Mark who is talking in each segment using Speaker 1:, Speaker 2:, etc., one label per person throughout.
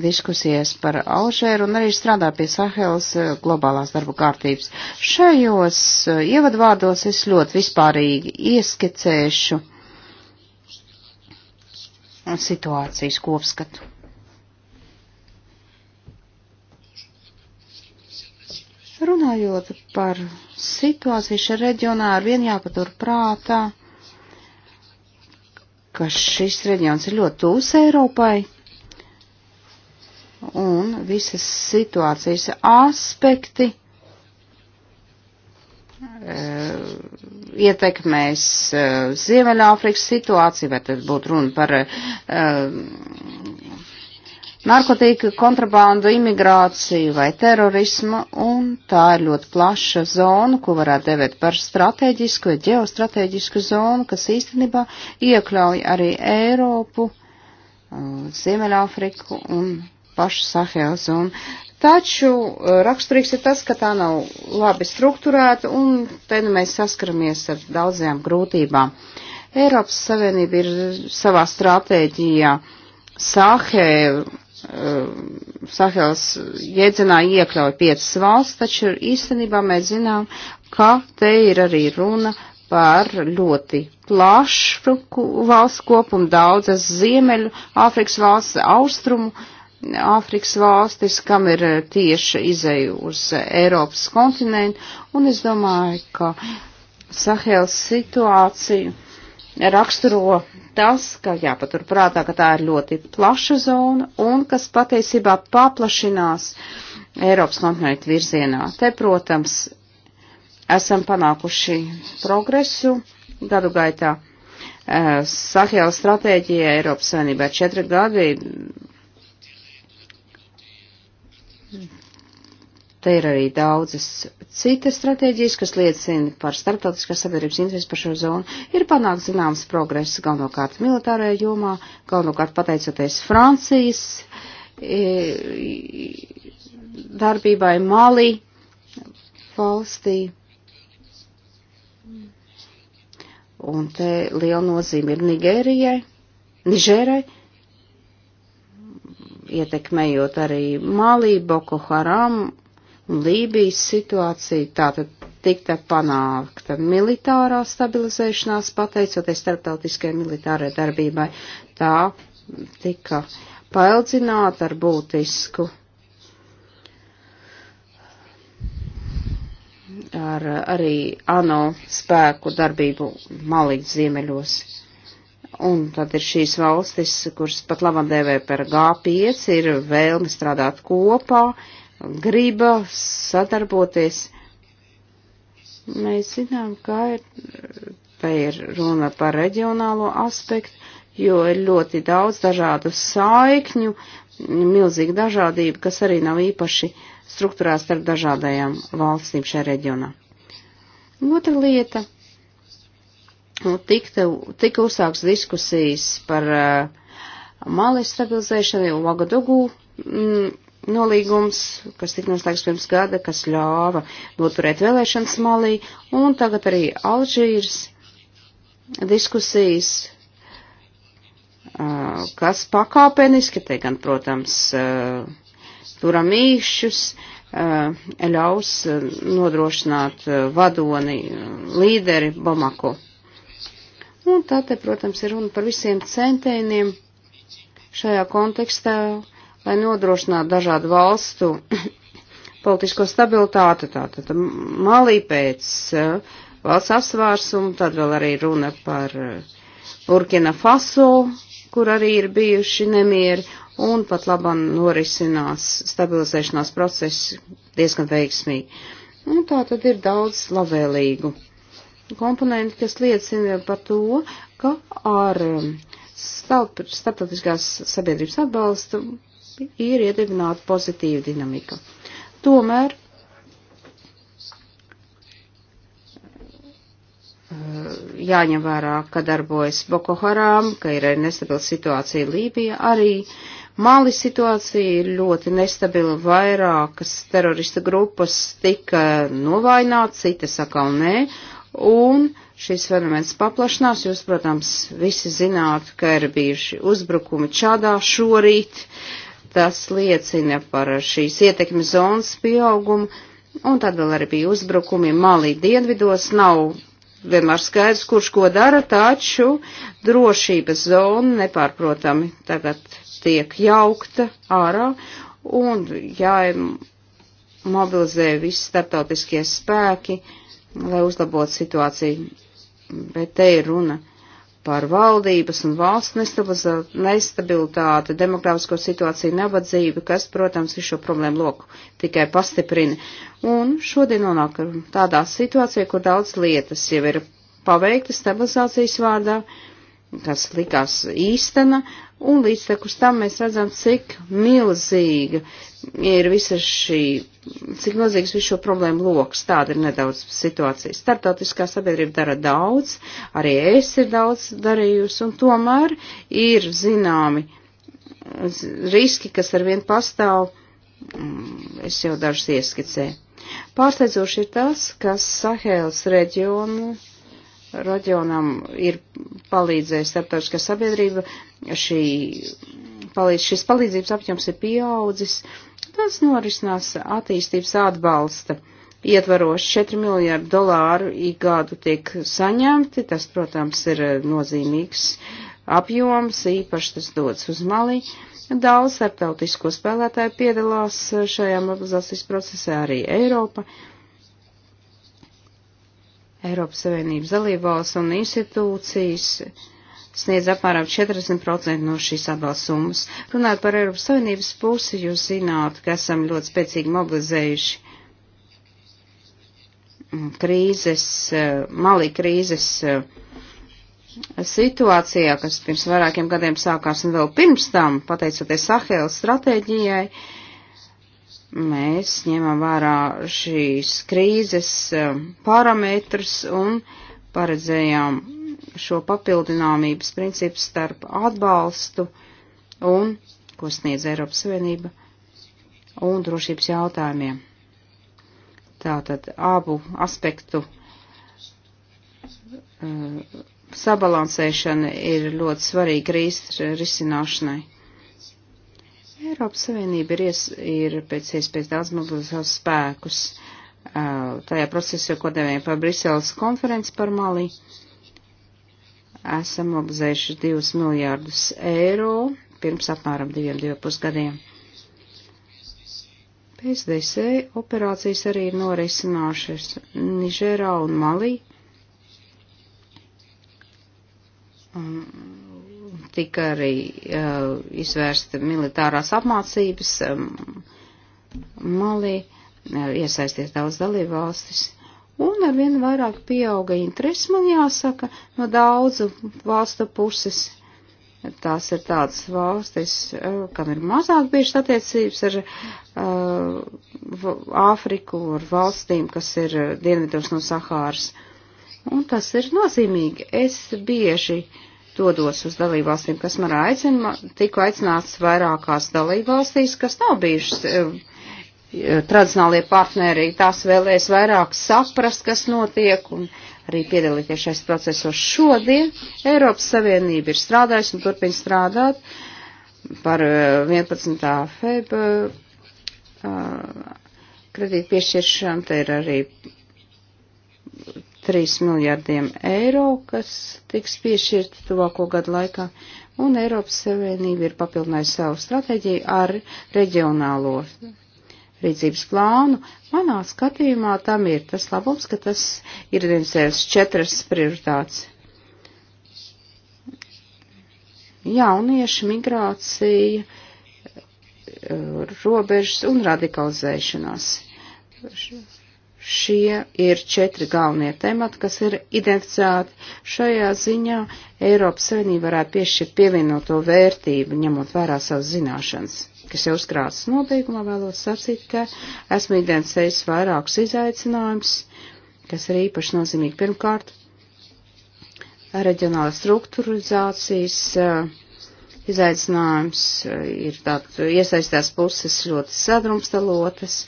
Speaker 1: diskusijas par Alžēru un arī strādā pie Sahelas eh, globālās darba kārtības. Šajos eh, ievadvārdos es ļoti vispārīgi ieskicēšu situācijas kopskatu. Runājot par situāciju šajā reģionā, ar vien jāpatur prātā, ka šis reģions ir ļoti tūs Eiropai, un visas situācijas aspekti e, ietekmēs e, Ziemeļāfrikas situāciju, vai tad būtu runa par uh, narkotika kontrabandu, imigrāciju vai terorismu, un tā ir ļoti plaša zona, ko varētu devēt par strateģisku, ģeostrateģisku zonu, kas īstenībā iekļauj arī Eiropu, uh, Ziemeļāfriku un pašu Sahel zonu. Taču eh, raksturīgs ir tas, ka tā nav labi strukturēta un te nu mēs saskaramies ar daudzajām grūtībām. Eiropas Savienība ir savā stratēģijā Sahel, eh, Sahels jēdzienā iekļauj piecas valsts, taču īstenībā mēs zinām, ka te ir arī runa par ļoti plašu valsts kopumu, daudzas ziemeļu, Āfrikas valsts austrumu Āfrikas valstis, kam ir eh, tieši izeju uz eh, Eiropas kontinentu, un es domāju, ka Sahels situāciju raksturo tas, ka jāpaturprātā, ka tā ir ļoti plaša zona un kas patiesībā paplašinās Eiropas kontinentu virzienā. Te, protams, esam panākuši progresu gadu gaitā. Eh, Sahela stratēģija Eiropas Savienībā četri gadi Te ir arī daudzas citas stratēģijas, kas liecina par starptautiskās sabiedrības interesi par šo zonu. Ir panākts zināms progress galvenokārt militārajā jomā, galvenokārt pateicoties Francijas e, darbībai Mali valstī. Un te liela nozīme ir Nigērijai, Nižērai, ietekmējot arī Malī, Boko Haram Lībijas situācija, tātad tika panākta militārā stabilizēšanās, pateicoties starptautiskajai militārai darbībai. Tā tika paildzināta ar būtisku, ar arī ANO spēku darbību malīt ziemeļos. Un tad ir šīs valstis, kuras pat labam dēvē par G5, ir vēlme strādāt kopā, uh, griba sadarboties. Mēs zinām, ka ir, tā ir runa par reģionālo aspektu, jo ir ļoti daudz dažādu saikņu, milzīga dažādība, kas arī nav īpaši struktūrā starp dažādajām valstīm šajā reģionā. Otra lieta. Nu, tika, tika uzsāks diskusijas par uh, Mali stabilizēšanu, Vagadugu mm, nolīgums, kas tika noslēgts pirms gada, kas ļāva noturēt vēlēšanas malī, un tagad arī Alžīras diskusijas, kas pakāpeniski, te gan, protams, turam īšķus, ļaus nodrošināt vadoni līderi Bamako. Un tā te, protams, ir runa par visiem centieniem šajā kontekstā, lai nodrošinātu dažādu valstu politisko stabilitāti, tātad malī pēc uh, valsts apsvārsumu, tad vēl arī runa par eh, Burkina Faso, kur arī ir bijuši nemieri, un pat labam norisinās stabilizēšanās process diezgan veiksmīgi. Un nu, tā tad ir daudz labvēlīgu komponenti, kas liecina par to, ka ar eh, starptautiskās sabiedrības atbalstu ir iedibināta pozitīva dinamika. Tomēr eh, jāņem vērā, ka darbojas Boko Haram, ka ir arī nestabila situācija Lībija, arī Mali situācija ir ļoti nestabila, vairākas terorista grupas tika novaināts, citas atkal nē, un šis fenomens paplašanās, jūs, protams, visi zināt, ka ir bijuši uzbrukumi Čadā šorīt, uh, Tas liecina par šīs ietekmes zonas pieaugumu, un tad vēl arī bija uzbrukumi malī dienvidos. Nav vienmēr skaidrs, kurš ko dara, taču drošības zona nepārprotami tagad tiek jaukta ārā, un jāmobilizē visi starptautiskie spēki, lai uzlabotu situāciju. Bet te ir runa par valdības un valsts nestabilitāti, demokrātisko situāciju, nabadzību, kas, protams, visu šo problēmu loku tikai pastiprina. Un šodien nonāk tādā situācijā, kur daudz lietas jau ir paveiktas stabilizācijas vārdā, uh, kas likās īstena, un līdztekus tam mēs redzam, cik milzīga ir visa šī, cik milzīgs visu šo problēmu lokus. Tāda ir nedaudz situācija. Startautiskā sabiedrība dara daudz, arī es ir daudz darījusi, un tomēr ir zināmi riski, kas ar vien pastāv, es jau dažus ieskicēju. Pārsteidzoši ir tas, ka Sahēlas reģionu reģionam ir palīdzējis starptautiskā sabiedrība, šī, palīdz, šis palīdzības apjoms ir pieaudzis, tas norisinās attīstības atbalsta. Ietvaros 4 miljārdu dolāru ik gadu tiek saņemti, tas, protams, ir eh, nozīmīgs apjoms, īpaši tas dodas uz Mali. Daudz starptautisko spēlētāju piedalās eh, šajā mobilizācijas procesā arī Eiropa. Uh, Eiropas Savienības dalībvalsts un institūcijas sniedz apmēram 40% no šīs atbalsta summas. Runājot par Eiropas Savienības pusi, jūs zināt, ka esam ļoti spēcīgi mobilizējuši mm, krīzes, eh, malī krīzes eh, situācijā, kas pirms vairākiem gadiem sākās un vēl pirms tam, pateicoties Sahēlas stratēģijai, uh, mēs ņemam vērā šīs krīzes um, parametrus un paredzējām šo papildināmības principu starp atbalstu un, ko sniedz Eiropas Savienība, un drošības jautājumiem. Tātad abu aspektu uh, sabalansēšana ir ļoti svarīga krīzes risināšanai. Eiropas Savienība ir, ies, ir pēc iespējas daudz mazliet savus spēkus tajā procesā, ko devējam par Briseles konferenci par Mali. Esam mobilizējuši 2 miljārdus eiro pirms apmēram 2-2,5 gadiem. PSDC operācijas arī ir norisinājušas Nižērā un Malī. Um, tika arī uh, izvērsta militārās apmācības um, Malī, iesaisties daudz dalībvalstis. Un ar vien vairāk pieauga interesi, man jāsaka, no daudzu valstu puses. Tās ir tādas valstis, uh, kam ir mazāk bijušas attiecības ar uh, Āfriku, ar valstīm, kas ir uh, dienvidos no Sahāras. Un tas ir nozīmīgi. Es bieži uh, dodos uz dalībvalstīm, kas man aicina, tiku aicināts vairākās dalībvalstīs, kas nav bijušas e, tradicionālie partneri, tās vēlēs vairāk saprast, kas notiek un arī piedalīties šais procesos šodien. Eiropas Savienība ir strādājusi un turpina strādāt par 11. Eh, feb eh, kredītu piešķiršanu, te ir arī 3 miljārdiem eiro, kas tiks piešķirti tuvāko gadu laikā, un Eiropas Savienība ir papildinājusi savu stratēģiju ar reģionālo rīcības plānu. Manā skatījumā tam ir tas labums, ka tas ir identificēts četras prioritātes. Jaunieši, migrācija, robežas un radikalizēšanās Šie ir četri galvenie temati, kas ir identificēti šajā ziņā. Eiropas Savienība varētu piešķirt pievienoto vērtību, ņemot vērā savas zināšanas, kas jau uzkrātas noteikumā, vēlos sacīt, ka esmu identificējis vairākus izaicinājumus, kas ir īpaši nozīmīgi. Pirmkārt, reģionāla struktūrizācijas eh, izaicinājums eh, ir tāds iesaistās puses ļoti sadrumstalotas,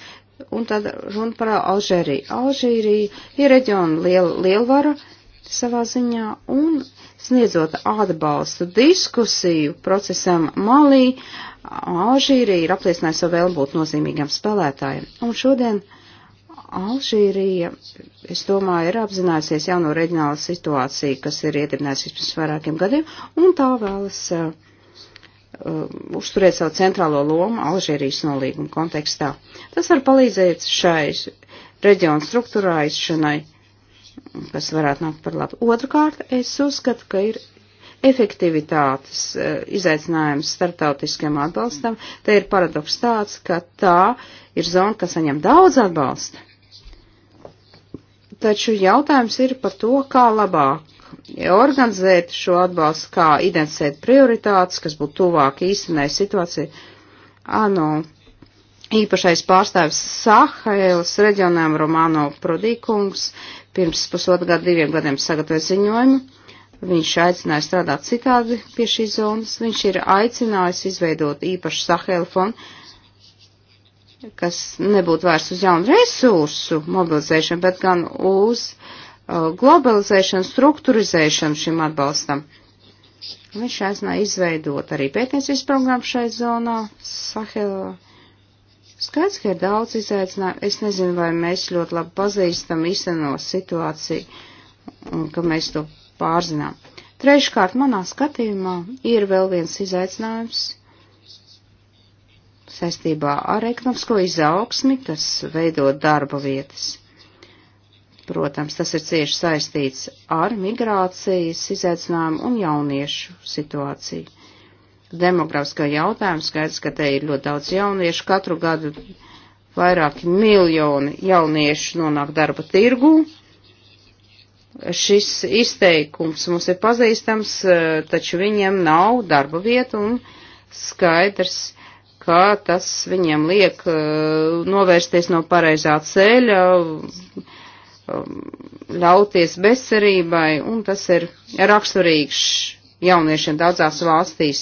Speaker 1: Un tad runa par Alžēriju. Alžērija ir reģiona liel, lielvara savā ziņā un sniedzot atbalstu diskusiju procesam Malī, Alžīrija ir apliecinājusi savu vēlmu būt nozīmīgam spēlētājam. Un šodien Alžīrija, es domāju, ir apzinājusies jauno reģionālu situāciju, kas ir iedibinājusies pirms vairākiem gadiem, un tā vēlas uh, Um, uzturēt savu centrālo lomu Alžērijas nolīguma kontekstā. Tas var palīdzēt šai reģionu struktūrāizšanai, kas varētu nākt par labu. Otrakārt, es uzskatu, ka ir efektivitātes uh, izaicinājums starptautiskiem atbalstam. Te ir paradoks tāds, ka tā ir zona, kas saņem daudz atbalsta. Taču jautājums ir par to, kā labāk organizēt šo atbalstu, kā identificēt prioritātes, kas būtu tuvāk īstenai situācijai. Ano, īpašais pārstāvis Sahēlas reģionām Romano Prodīkungs pirms pusotra gada diviem gadiem sagatavoja ziņojumu. Viņš aicināja strādāt citādi pie šīs zonas. Viņš ir aicinājis izveidot īpašu Sahēlu fondu, kas nebūtu vairs uz jaunu resursu mobilizēšanu, bet gan uz uh, Uh, globalizēšanu, struktūrizēšanu šim atbalstam. Viņš aicināja izveidot arī pētniecības programmu šai zonā, Sahelā. Skaidrs, ka ir daudz izaicinājumu. Es nezinu, vai mēs ļoti labi pazīstam īsteno situāciju un ka mēs to pārzinām. Treškārt, manā skatījumā ir vēl viens izaicinājums saistībā ar ekonomisko izaugsmi, kas veido darba vietas. Protams, tas ir cieši saistīts ar migrācijas izaicinājumu un jauniešu situāciju. Demografiskā jautājuma skaidrs, ka te ir ļoti daudz jauniešu. Katru gadu vairāki miljoni jauniešu nonāk darba tirgū. Šis izteikums mums ir pazīstams, taču viņiem nav darba vieta un skaidrs, ka tas viņiem liek eh, novērsties no pareizā ceļa Um, ļauties bezcerībai, un tas ir raksturīgs jauniešiem daudzās valstīs.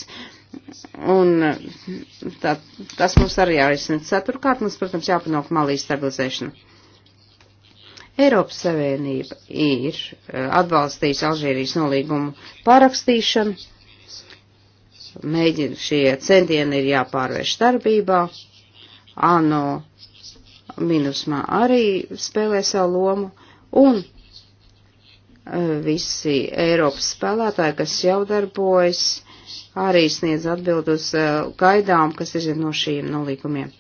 Speaker 1: Un uh, tā, tas mums arī jārisina. Ceturkārt mums, protams, jāpanāk malī stabilizēšana. Eiropas Savienība ir uh, atbalstījusi Alžīrijas nolīgumu parakstīšanu. Mēģin, šie centieni ir jāpārvērš darbībā. ANO minusmā arī spēlē savu lomu, un e, visi Eiropas spēlētāji, kas jau darbojas, arī sniedz atbildus e, gaidām, kas ir no šīm nolīgumiem.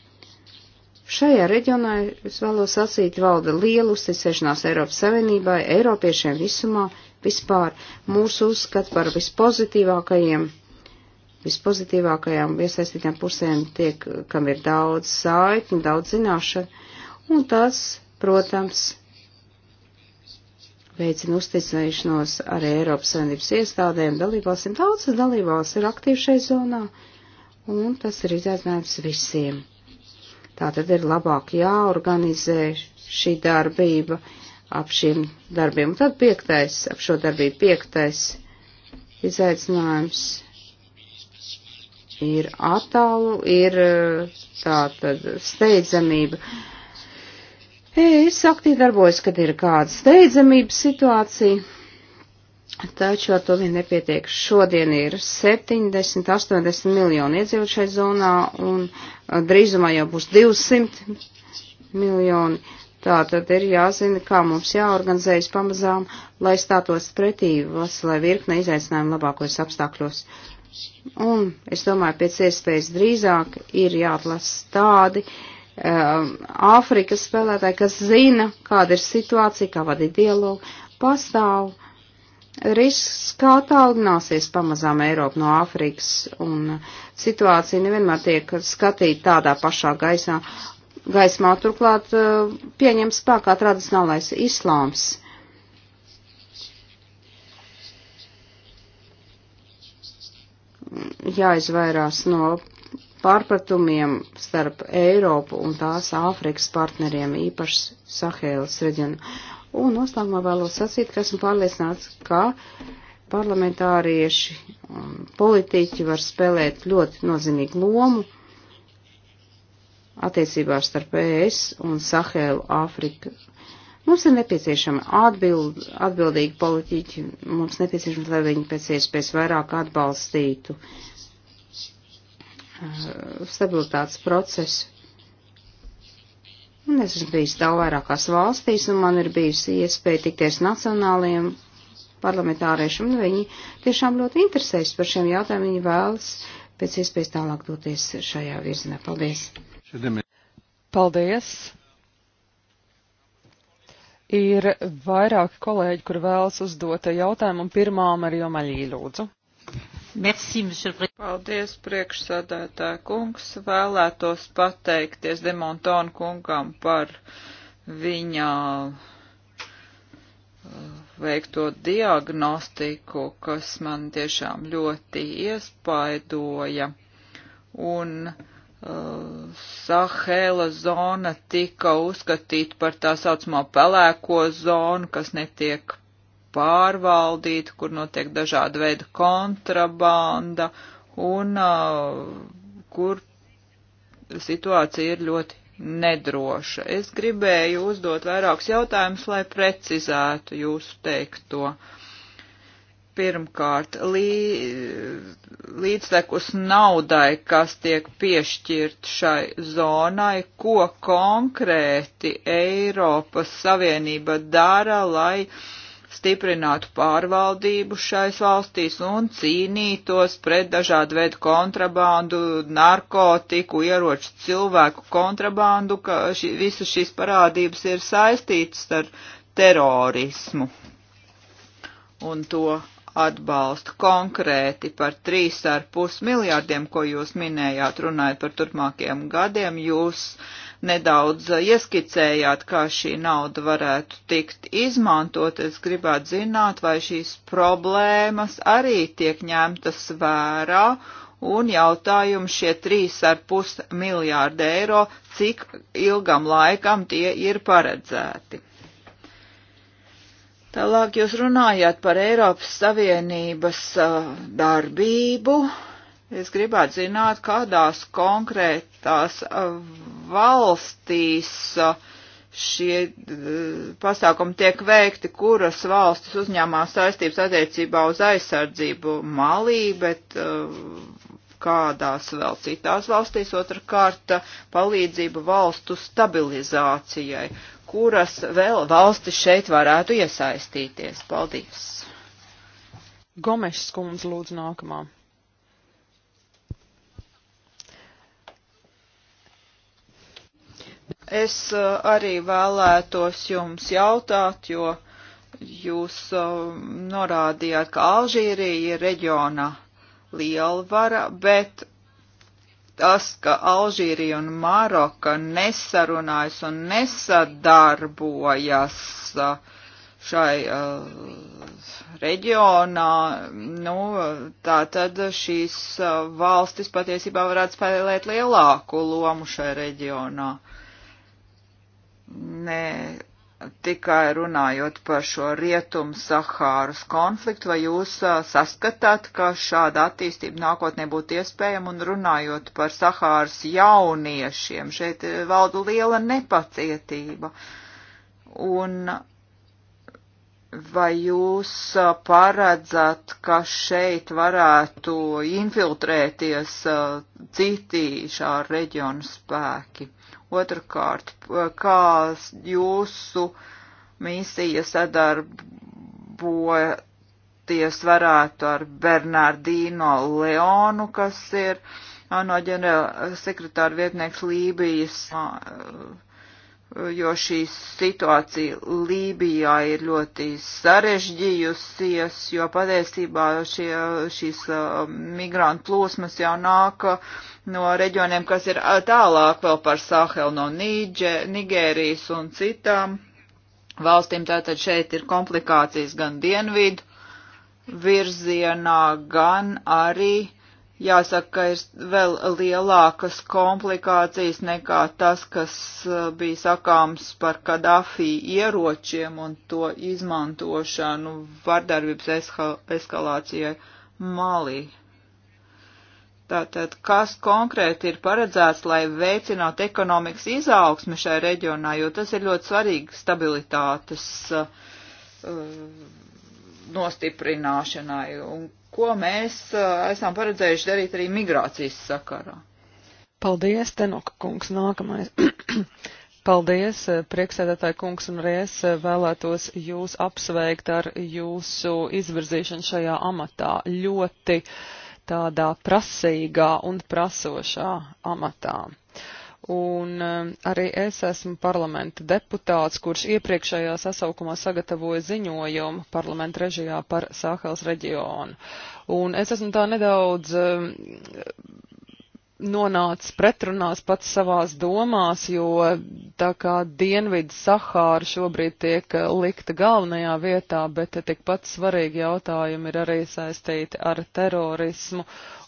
Speaker 1: Šajā reģionā, es vēlos sacīt, valda liela uzticēšanās Eiropas Savienībai, Eiropiešiem visumā, vispār mūsu uzskat par vispozitīvākajiem vispozitīvākajām iesaistītām pusēm tiek, kam ir daudz saikni, daudz zināšana, un tas, protams, veicina uzticēšanos arī Eiropas Savienības iestādēm, dalībvalstīm. Daudzas dalībvalstis ir aktīvi šai zonā, un tas ir izaicinājums visiem. Tā tad ir labāk jāorganizē šī darbība ap šiem darbiem. Un tad piektais, ap šo darbību piektais izaicinājums ir attālu, ir eh, tātad steidzamība. Es aktīvi darbojos, kad ir kāda steidzamības situācija, taču ar to vien nepietiek. Šodien ir 70, 80 miljoni iedzīvošai zonā un eh, drīzumā jau būs 200 miljoni. Tā tad ir jāzina, kā mums jāorganizējas pamazām, lai stātos pretī veselai virkne izaicinājumu labākos apstākļos. Un es domāju, pēc iespējas drīzāk ir jāatlasa tādi um, Āfrikas um, spēlētāji, kas zina, kāda ir situācija, kā vadīt dialogu. Pastāv risks, kā attālināsies pamazām Eiropa no Āfrikas, un situācija nevienmēr tiek skatīta tādā pašā gaisā. Gaismā turklāt uh, pieņem spēkā tradicionālais islāms jāizvairās no pārpratumiem starp Eiropu un tās Āfrikas partneriem, īpaši Sahēlas reģionu. Un noslēgumā vēlos sacīt, ka esmu pārliecināts, ka parlamentārieši un politiķi var spēlēt ļoti nozīmīgu lomu attiecībās starp ES un Sahēlu Āfriku Mums ir nepieciešama atbild, atbildīga politiķi, mums nepieciešams, lai viņi pēc iespējas vairāk atbalstītu uh, stabilitātes procesu. Un es esmu bijis daudz vairākās valstīs, un man ir bijusi iespēja tikties nacionāliem parlamentāriešiem, un viņi tiešām ļoti interesējas par šiem jautājumiem, viņi vēlas pēc iespējas tālāk doties šajā virzienā. Paldies! Paldies!
Speaker 2: Ir vairāki kolēģi, kur vēlas uzdot jautājumu, un pirmā Marija Maļī lūdzu.
Speaker 3: Merci, Paldies, priekšsādātāja kungs. Vēlētos pateikties Demontonu kungam par viņa uh, veikto diagnostiku, kas man tiešām ļoti iespaidoja. Un uh, Eh, Sahela zona tika uzskatīta par tā saucamo pelēko zonu, kas netiek pārvaldīta, kur notiek dažāda veida kontrabanda un uh, kur situācija ir ļoti nedroša. Es gribēju uzdot vairākus jautājumus, lai precizētu jūsu teikto. Uh, Pirmkārt, lī, līdztekus naudai, kas tiek piešķirt šai zonai, ko konkrēti Eiropas Savienība dara, lai stiprinātu pārvaldību šais valstīs un cīnītos pret dažādu veidu kontrabandu, narkotiku, ieroču cilvēku kontrabandu, ka ši, visas šīs parādības ir saistītas ar terorismu un to atbalstu konkrēti par 3,5 miljārdiem, ko jūs minējāt, runājot par turpmākiem gadiem. Jūs nedaudz ieskicējāt, kā šī nauda varētu tikt izmantot. Es gribētu zināt, vai šīs problēmas arī tiek ņemtas vērā. Un jautājums šie 3,5 miljārdi eiro, cik ilgam laikam tie ir paredzēti. Tālāk jūs runājāt par Eiropas Savienības darbību. Es gribētu zināt, kādās konkrētās valstīs šie pasākumi tiek veikti, kuras valstis uzņēmās saistības attiecībā uz aizsardzību malī, bet kādās vēl citās valstīs otrkārt palīdzību valstu stabilizācijai kuras vēl valstis šeit varētu iesaistīties. Paldies!
Speaker 2: Gomešs kundze lūdzu nākamā. Es
Speaker 3: uh, arī vēlētos jums jautāt, jo jūs uh, norādījāt, ka Alžīrija ir reģiona lielvara, bet tas, ka Alžīrija un Maroka nesarunājas un nesadarbojas uh, šai uh, reģionā, nu, tā tad šīs uh, valstis patiesībā varētu spēlēt lielāku lomu šai reģionā. Nē, tikai runājot par šo rietumu Sahāras konfliktu, vai jūs saskatāt, ka šāda attīstība nākotnē būtu iespējama un runājot par Sahāras jauniešiem, šeit valda liela nepacietība. Un vai jūs paredzat, ka šeit varētu infiltrēties citi šā reģiona spēki? Otrakārt, kā jūsu misija sadarboties varētu ar Bernardino Leonu, kas ir ANO ģenerāla sekretāra vietnieks Lībijas. Uh, jo šī situācija Lībijā ir ļoti sarežģījusies, jo patiesībā šie, šīs uh, migrantu plūsmas jau nāk no reģioniem, kas ir uh, tālāk vēl par Sahelu no Nīģe, Nigērijas un citām valstīm. Tātad šeit ir komplikācijas gan dienvidu virzienā, gan arī jāsaka, ka ir vēl lielākas komplikācijas nekā tas, kas uh, bija sakāms par Kadafī ieročiem un to izmantošanu vardarbības eskalācijai Malī. Tātad, kas konkrēti ir paredzēts, lai veicinātu ekonomikas izaugsmi šajā reģionā, jo tas ir ļoti svarīgi stabilitātes uh, uh nostiprināšanai, un ko mēs eh, esam paredzējuši darīt arī migrācijas sakarā.
Speaker 2: Paldies, Tenoka kungs, nākamais. Paldies, eh, prieksēdētāji kungs, un arī es eh, vēlētos jūs apsveikt ar jūsu izvirzīšanu šajā amatā. Ļoti tādā prasīgā un prasošā amatā un um, arī es esmu parlamenta deputāts, kurš iepriekšējā sasaukumā sagatavoja ziņojumu parlamenta režijā par Sāhels reģionu. Un es esmu tā nedaudz um, nonācis pretrunās pats savās domās, jo tā kā Dienvidu Sahāra šobrīd tiek uh, likta galvenajā vietā, bet uh, tikpat svarīgi jautājumi ir arī saistīti ar terorismu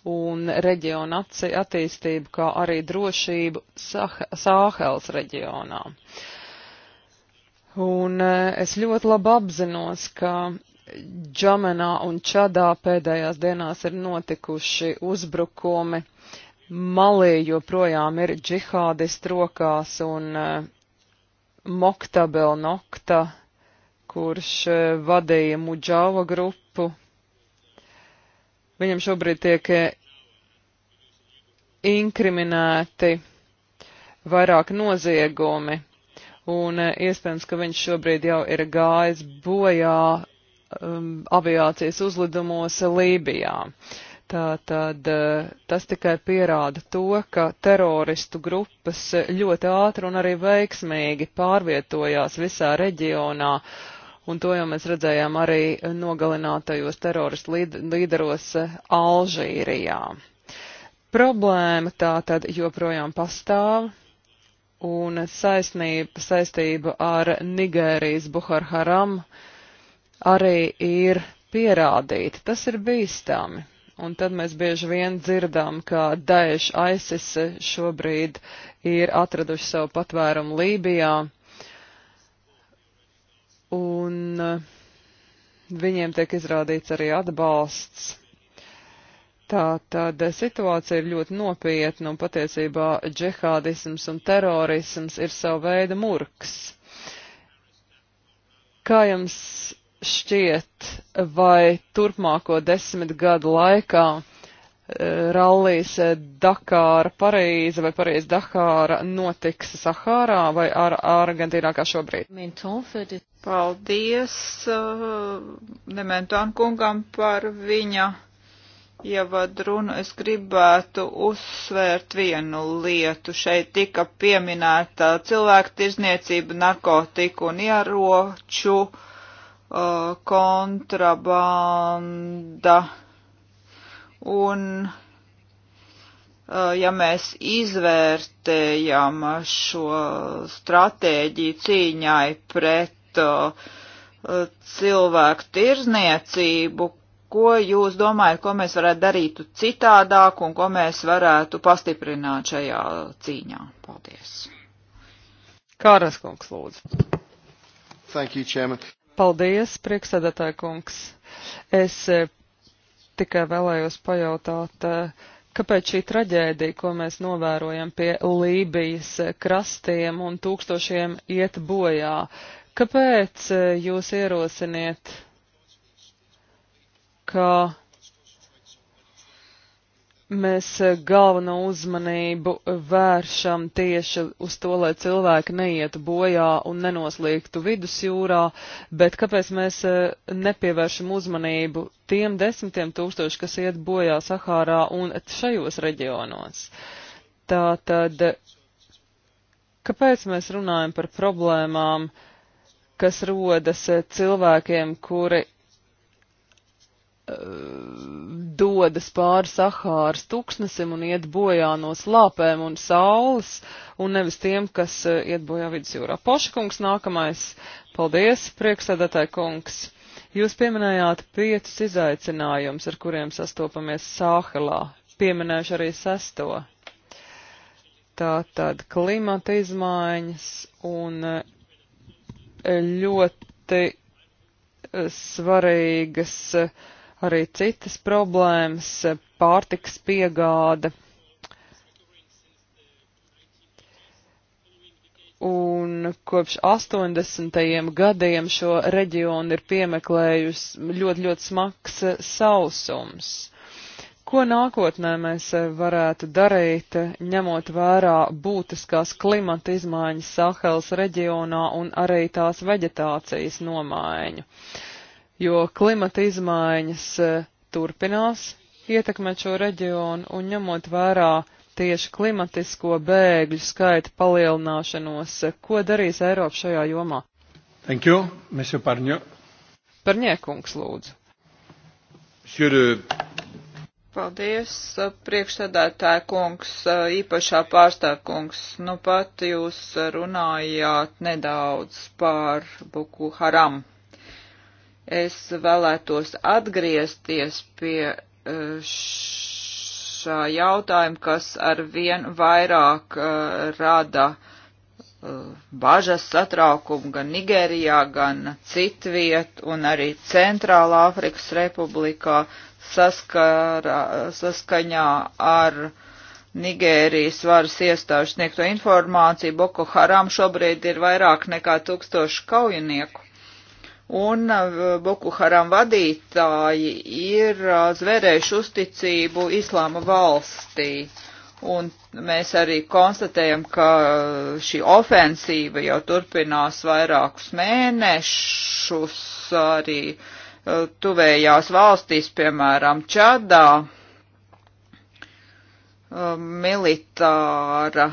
Speaker 2: un reģiona attīstību, kā arī drošību Sah Sāhels reģionā. Un e, es ļoti labi apzinos, ka Džamenā un Čadā pēdējās dienās ir notikuši uzbrukumi. Malī joprojām ir džihādisti rokās un e, Moktabel Nokta, kurš e, vadīja Mudžāva grupu, Viņam šobrīd tiek eh, inkriminēti vairāk noziegumi, un eh, iespējams, ka viņš šobrīd jau ir gājis bojā um, aviācijas uzlidumos Lībijā. Tātad eh, tas tikai pierāda to, ka teroristu grupas ļoti ātri un arī veiksmīgi pārvietojās visā reģionā, uh, un to jau mēs redzējām arī nogalinātajos teroristu līderos eh, Alžīrijā. Problēma tā tad joprojām pastāv, un saistnība, saistība ar Nigērijas Buhar Haram arī ir pierādīta. Tas ir bīstami. Un tad mēs bieži vien dzirdām, ka Daesh ISIS eh, šobrīd ir atraduši savu patvērumu Lībijā, un eh, viņiem tiek izrādīts arī atbalsts. Tā tad situācija ir ļoti nopietna un patiesībā džihādisms un terorisms ir savu veidu murks. Kā jums šķiet, vai turpmāko desmit gadu laikā eh, rallijas Dakāra Parīze vai Parīze Dakāra notiks Sahārā vai ar Argentīnā kā šobrīd?
Speaker 3: Paldies Dementuan uh, kungam par viņa ievadrunu. Es gribētu uzsvērt vienu lietu. Šeit tika pieminēta cilvēku tirzniecība, narkotiku un ieroču uh, kontrabanda. Un uh, ja mēs izvērtējam šo stratēģiju cīņai pret Uh, cilvēku tirzniecību, ko jūs domājat, ko mēs varētu darīt citādāk un ko mēs varētu pastiprināt šajā cīņā? Paldies. Kāras kungs, lūdzu.
Speaker 2: Thank you, Chairman. Paldies, priekšsēdētāja kungs. Es eh, tikai vēlējos pajautāt, eh, kāpēc šī traģēdija, ko mēs novērojam pie Lībijas krastiem un tūkstošiem iet bojā, Kāpēc e, jūs ierosiniet, ka mēs e, galveno uzmanību vēršam tieši uz to, lai cilvēki neietu bojā un nenoslīgtu vidusjūrā, bet kāpēc mēs e, nepievēršam uzmanību tiem desmitiem tūkstoši, kas iet bojā Sahārā un šajos reģionos? Tātad, kāpēc mēs runājam par problēmām, uh, kas rodas eh, cilvēkiem, kuri eh, dodas pāri Sahāras tūkstnesim un iet bojā no slāpēm un saules, un nevis tiem, kas eh, iet bojā vidusjūrā. Pošakungs nākamais. Paldies, priekšsēdētāji kungs. Jūs pieminējāt piecus izaicinājumus, ar kuriem sastopamies Sāhelā. Pieminējuši arī sesto. Tātad klimata izmaiņas un ļoti eh, svarīgas eh, arī citas problēmas eh, - pārtiks piegāde. Un kopš 80. gadiem šo reģionu ir piemeklējusi ļoti, ļoti smags sausums. Ko nākotnē mēs eh, varētu darīt, ņemot vērā būtiskās klimata izmaiņas Sahels reģionā un arī tās veģetācijas nomaiņu? Jo klimata izmaiņas eh, turpinās ietekmēt šo reģionu un ņemot vērā tieši klimatisko bēgļu skaita palielināšanos. Eh, ko darīs Eiropa šajā jomā? Thank you, Monsieur Parņo. Parņēkungs,
Speaker 1: lūdzu. Monsieur le
Speaker 3: Paldies, uh, priekšsēdētāja kungs, uh, īpašā pārstāv kungs. Nu pat jūs runājāt nedaudz par Buku Haram. Es vēlētos atgriezties pie uh, šā jautājuma, kas ar vien vairāk rada bažas satraukumu gan Nigērijā, gan citviet un arī Centrālā Afrikas Republikā saskarā, saskaņā ar Nigērijas varas iestāžu sniegto informāciju. Boko Haram šobrīd ir vairāk nekā tūkstoši kaujinieku. Un eh, Boko Haram vadītāji ir eh, zvērējuši uzticību Islāma valstī. Un mēs arī konstatējam, ka eh, šī ofensīva jau turpinās vairākus mēnešus arī uh, tuvējās valstīs, piemēram, Čadā, um, militāra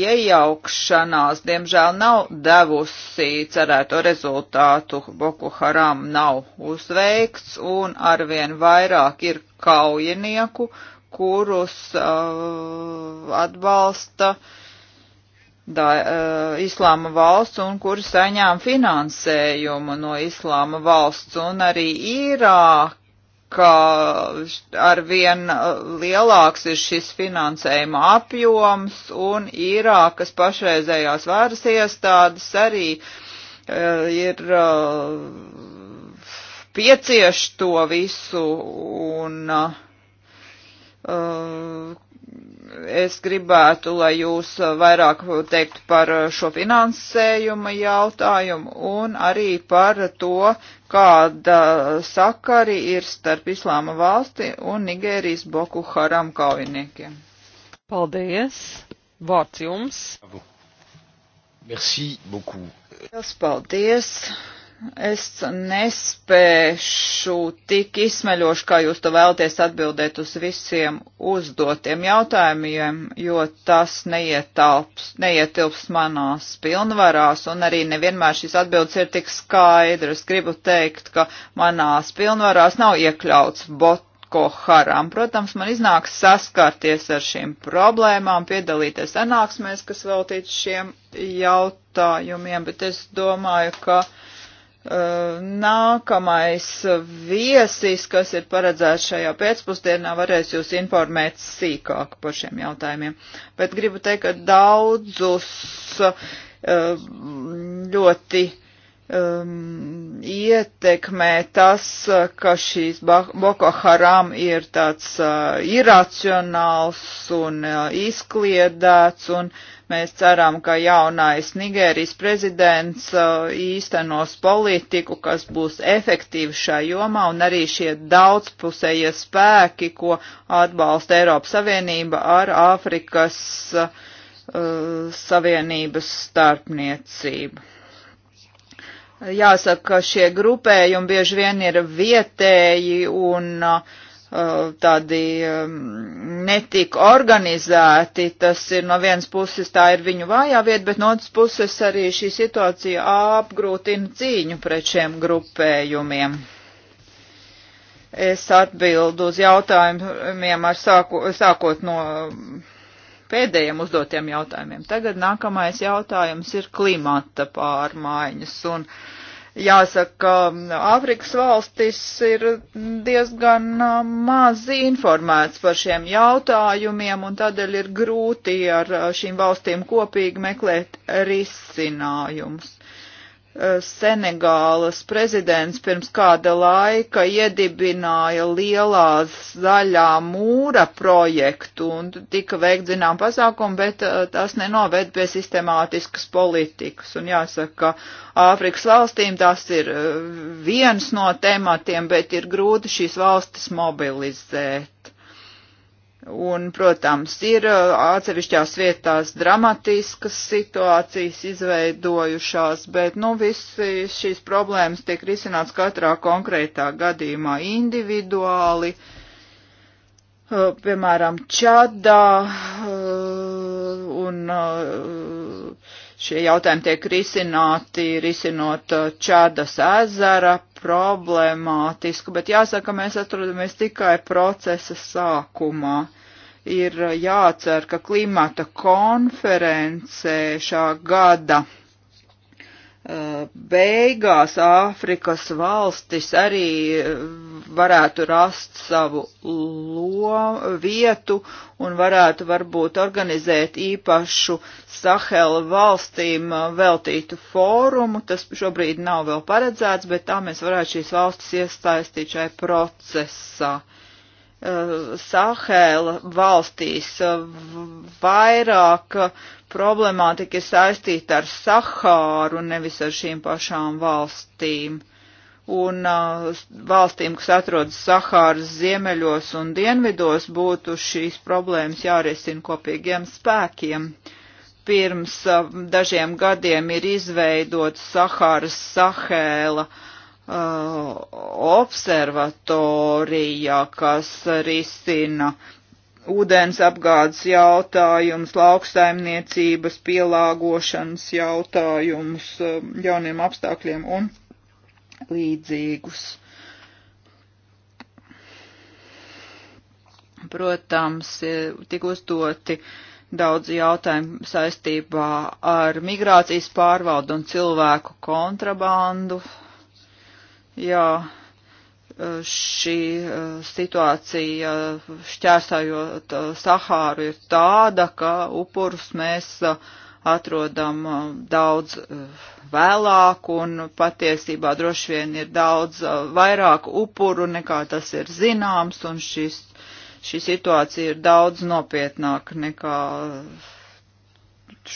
Speaker 3: iejaukšanās, diemžēl, nav devusi cerēto rezultātu. Boku Haram nav uzveikts un arvien vairāk ir kaujinieku, kurus uh, atbalsta uh, da, uh, islāma valsts un kuri saņēma finansējumu no islāma valsts un arī Irāk ka arvien eh, lielāks ir šis finansējuma apjoms un Irākas pašreizējās varas iestādes arī uh, ir uh, piecieš to visu un uh, es gribētu, lai jūs vairāk teikt par šo finansējuma jautājumu un arī par to, kāda sakari ir starp Islāma valsti un Nigērijas Boku Haram kaujiniekiem. Paldies! Vārds jums!
Speaker 1: Merci beaucoup!
Speaker 3: Paldies! Es nespēšu tik izsmeļoši, kā jūs to vēlties atbildēt uz visiem uzdotiem jautājumiem, jo tas neietalps, neietilps manās pilnvarās, un arī nevienmēr šīs atbildes ir tik skaidras. Gribu teikt, ka manās pilnvarās nav iekļauts botko haram. Protams, man iznāks saskarties ar šīm problēmām, piedalīties sanāksmēs, kas veltīts šiem jautājumiem, bet es domāju, ka Eh, nākamais viesis, kas ir paredzēts šajā pēcpusdienā, varēs jūs informēt sīkāk par šiem jautājumiem. Bet gribu teikt, ka daudzus eh, ļoti um, ietekmē tas, ka šīs Boko Haram ir tāds uh, iracionāls un uh, izkliedēts, un mēs ceram, ka jaunais Nigērijas prezidents uh, īstenos politiku, kas būs efektīva šajā jomā, un arī šie daudzpusējie spēki, ko atbalsta Eiropas Savienība ar Āfrikas uh, Savienības starpniecību. Jāsaka, ka šie grupējumi bieži vien ir vietēji un uh, tādi um, netik organizēti, tas ir no vienas puses tā ir viņu vājā vieta, bet no otras puses arī šī situācija apgrūtina cīņu pret šiem grupējumiem. Es atbildu uz jautājumiem ar sāku, sākot no pēdējiem uzdotiem jautājumiem. Tagad nākamais jautājums ir klimata pārmaiņas. Un jāsaka, Āfrikas valstis ir diezgan maz informēts par šiem jautājumiem, un tādēļ ir grūti ar šīm valstīm kopīgi meklēt risinājumus. Eh, Senegālas prezidents pirms kāda laika iedibināja lielā zaļā mūra projektu un tika veikt zinām pasākumu, bet eh, tas nenoved pie sistemātiskas politikas. Un jāsaka, ka Āfrikas valstīm tas ir eh, viens no tematiem, bet ir grūti šīs valstis mobilizēt. Un, protams, ir uh, atsevišķās vietās dramatiskas situācijas izveidojušās, bet, nu, visi šīs problēmas tiek risināts katrā konkrētā gadījumā individuāli. Uh, piemēram, Čadā uh, un šie jautājumi tiek risināti risinot Čadas ezera problemātisku, bet jāsaka, mēs atrodamies tikai procesa sākumā. Ir jācer, ka klimata konferencē šā gada beigās Āfrikas valstis arī varētu rast savu lo, vietu un varētu varbūt organizēt īpašu Sahela valstīm veltītu fórumu. Tas šobrīd nav vēl paredzēts, bet tā mēs varētu šīs valstis iesaistīt šai procesā. Eh, Sahela valstīs eh, vairāk problemātika ir saistīta ar Sahāru, nevis ar šīm pašām valstīm. Un uh, valstīm, kas atrodas Sahāras ziemeļos un dienvidos, būtu šīs problēmas jārisina kopīgiem spēkiem. Pirms uh, dažiem gadiem ir izveidots Sahāras Sahēla uh, observatorija, kas risina uh, ūdens apgādes jautājumus, lauksaimniecības pielāgošanas jautājumus um, jauniem apstākļiem un līdzīgus. Protams, e, tik uzdoti daudz jautājumu saistībā ar migrācijas pārvaldu un cilvēku kontrabandu. Jā, šī eh, situācija šķērsājot eh, Sahāru ir tāda, ka upurus mēs eh, atrodam daudz vēlāk un patiesībā droši vien ir daudz vairāk upuru nekā tas ir zināms un šis, šī situācija ir daudz nopietnāka nekā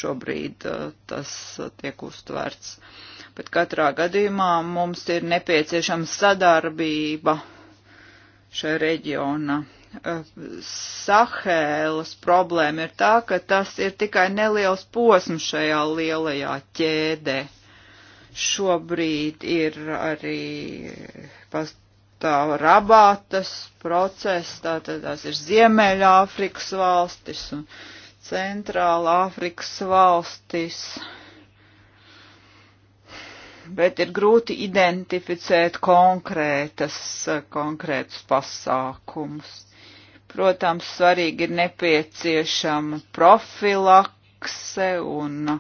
Speaker 3: šobrīd tas tiek uztverts. Uh, bet katrā gadījumā mums ir nepieciešama sadarbība šajā reģionā. Eh, Sahēlas problēma ir tā, ka tas ir tikai neliels posms šajā lielajā ķēdē. Šobrīd ir arī pastāv rabātas process, tātad tās ir Ziemeļāfrikas valstis un Centrāla Āfrikas valstis. Uh, bet ir grūti identificēt konkrētas, eh, konkrētus pasākumus. Protams, svarīgi ir nepieciešama profilakse un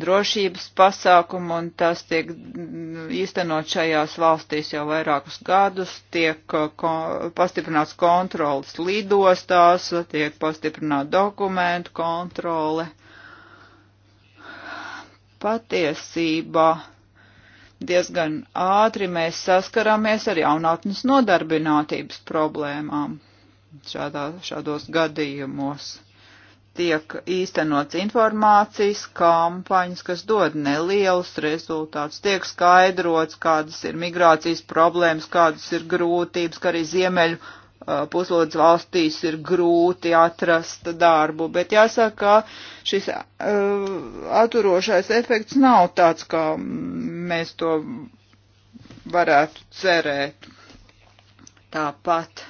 Speaker 3: drošības pasākumu, un tas tiek mm, īstenot šajās valstīs jau vairākus gadus, tiek eh, ko, pastiprināts kontrols lidostās, tiek pastiprināta dokumentu kontrole. Patiesībā diezgan ātri mēs saskaramies ar jaunatnes nodarbinātības problēmām šādā, šādos gadījumos. Tiek īstenots informācijas kampaņas, kas dod nelielus rezultātus, tiek skaidrots, kādas ir migrācijas problēmas, kādas ir grūtības, kā arī ziemeļu Eh, puslodz valstīs ir grūti atrast darbu, bet jāsaka, ka šis uh, eh, aturošais efekts nav tāds, kā mēs to varētu cerēt. Tāpat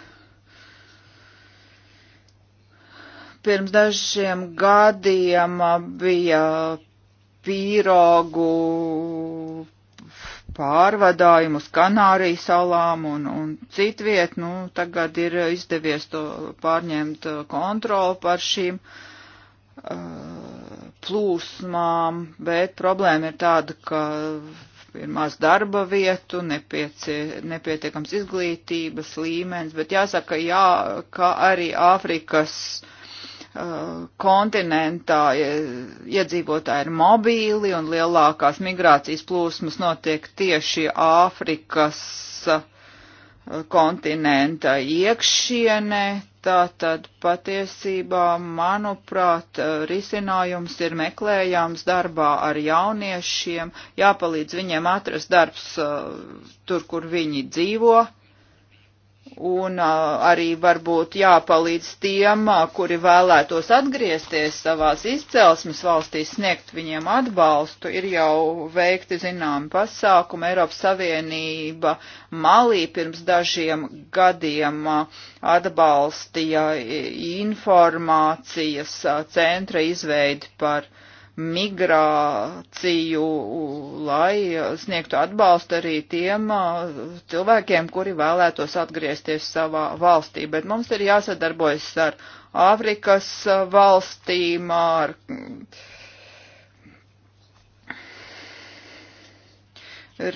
Speaker 3: pirms dažiem gadiem eh, bija pīrogu pārvadājumu uz Kanāriju salām un, un citviet, nu, tagad ir izdevies to pārņemt uh, kontroli par šīm uh, plūsmām, bet problēma ir tāda, ka ir maz darba vietu, nepiecie, nepietiekams izglītības līmenis, bet jāsaka, jā, ka arī Āfrikas uh, kontinentā iedzīvotāji ir mobīli un lielākās migrācijas plūsmas notiek tieši Āfrikas uh, kontinenta iekšienē. Tātad patiesībā, manuprāt, uh, risinājums ir meklējams darbā ar jauniešiem, jāpalīdz viņiem atrast darbs uh, tur, kur viņi dzīvo, un arī varbūt jāpalīdz tiem, kuri vēlētos atgriezties savās izcelsmes valstīs, sniegt viņiem atbalstu. Ir jau veikti zināmi pasākumi. Eiropas Savienība Malī pirms dažiem gadiem atbalstīja informācijas centra izveidi par migrāciju, lai sniegtu atbalstu arī tiem cilvēkiem, kuri vēlētos atgriezties savā valstī. Bet mums ir jāsadarbojas ar Āfrikas valstīm, ar.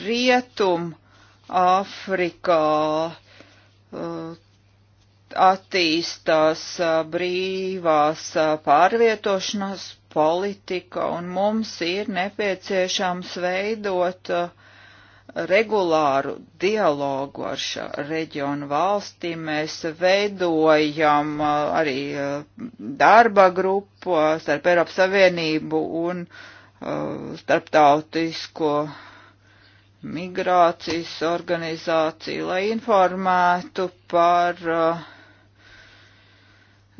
Speaker 3: Rietum Āfrikā attīstās brīvās pārvietošanās politika, un mums ir nepieciešams veidot uh, regulāru dialogu ar šo reģionu valstīm. Mēs veidojam uh, arī uh, darba grupu starp Eiropas Savienību un starptautisko migrācijas organizāciju, lai informētu par uh,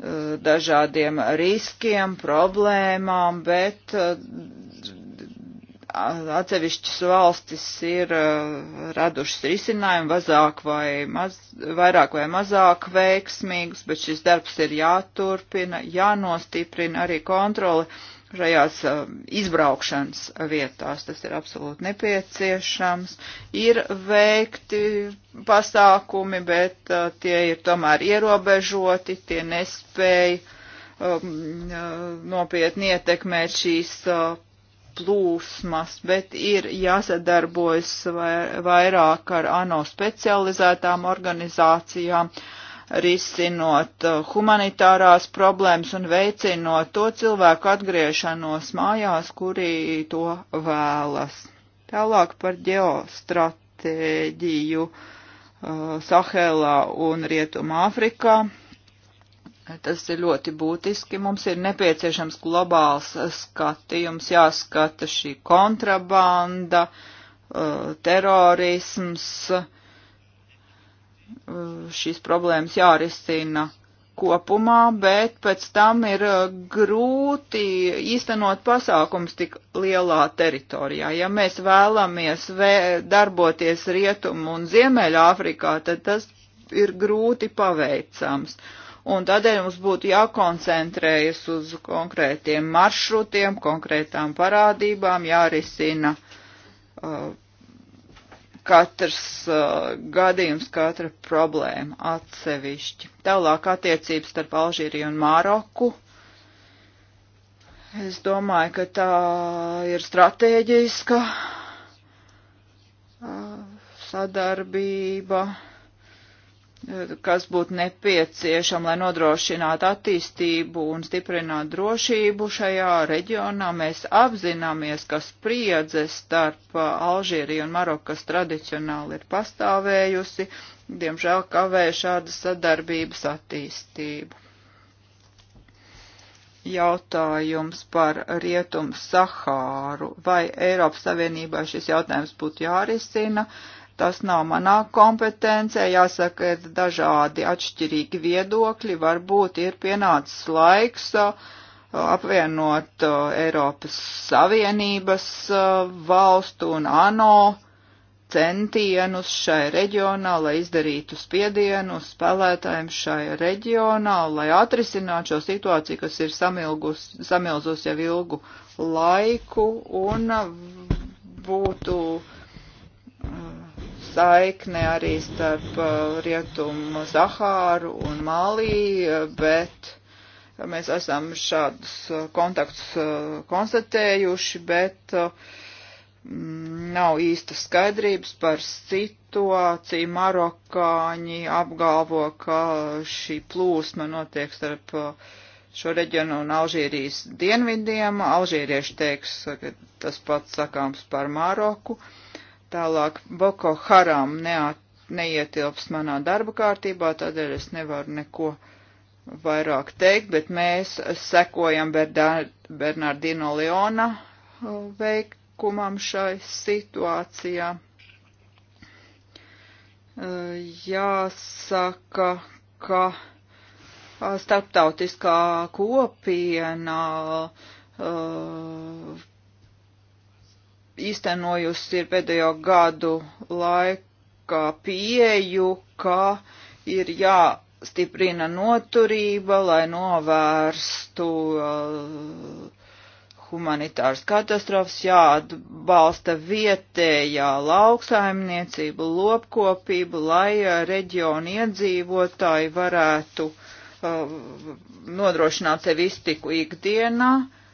Speaker 3: Eh, dažādiem riskiem, problēmām, bet eh, atsevišķas valstis ir eh, radušas risinājumu mazāk vai maz, vairāk vai mazāk veiksmīgus, bet šis darbs ir jāturpina, jānostiprina arī kontrole šajās um, izbraukšanas vietās, tas ir absolūti nepieciešams. Ir veikti pasākumi, bet uh, tie ir tomēr ierobežoti, tie nespēja um, uh, nopietni ietekmēt šīs uh, plūsmas, bet ir jāsadarbojas vairāk ar ANO specializētām organizācijām. Uh, risinot uh, humanitārās problēmas un veicinot to cilvēku atgriešanos mājās, kuri to vēlas. Tālāk par ģeostratēģiju uh, Sahelā un Rietumā Afrikā. Tas ir ļoti būtiski. Mums ir nepieciešams globāls skatījums, jāskata šī kontrabanda, uh, terorisms, Eh, šīs problēmas jārisina kopumā, bet pēc tam ir eh, grūti īstenot pasākums tik lielā teritorijā. Ja mēs vēlamies vē darboties Rietumu un Ziemeļāfrikā, tad tas ir grūti paveicams. Un tādēļ mums būtu jākoncentrējas uz konkrētiem maršrutiem, konkrētām parādībām, jārisina uh, katrs uh, gadījums, katra problēma atsevišķi. Tālāk attiecības starp Alžīriju un Māroku. Es domāju, ka tā ir stratēģiska uh, sadarbība Eh, kas būtu nepieciešama, lai nodrošinātu attīstību un stiprinātu drošību šajā reģionā. Mēs apzināmies, ka spriedze starp eh, Alžīriju un Marokas tradicionāli ir pastāvējusi, diemžēl kavē šādas sadarbības attīstību. Jautājums par rietumu Sahāru. Vai Eiropas Savienībā šis jautājums būtu jārisina? Uh, Tas nav manā kompetencē, jāsaka, ir dažādi atšķirīgi viedokļi, varbūt ir pienācis laiks uh, apvienot uh, Eiropas Savienības uh, valstu un ANO centienus šai reģionā, lai izdarītu spiedienu spēlētājiem šai reģionā, lai atrisinātu šo situāciju, kas ir samilgus, samilzus jau ilgu laiku un būtu saikne arī starp uh, Rietumu Zahāru un Malī, uh, bet mēs esam šādus uh, kontaktus konstatējuši, bet mm, nav īsta skaidrības par situāciju. Marokāņi apgalvo, ka šī plūsma notiek starp šo reģionu un Alžīrijas dienvidiem. Alžīrieši teiks, ka tas pats sakāms par Maroku. Uh, Tālāk Boko Haram neat, neietilps manā darba kārtībā, tādēļ es nevaru neko vairāk teikt, bet mēs sekojam Bernardino Leona uh, veikumam šai situācijā. Uh, jāsaka, ka uh, starptautiskā kopiena uh, īstenojusi ir pēdējo gadu laikā pieju, ka ir jāstiprina noturība, lai novērstu uh, humanitāras katastrofas, jāatbalsta vietējā lauksaimniecība, lopkopība, lai uh, reģionu iedzīvotāji varētu uh, nodrošināt sev iztiku ikdienā,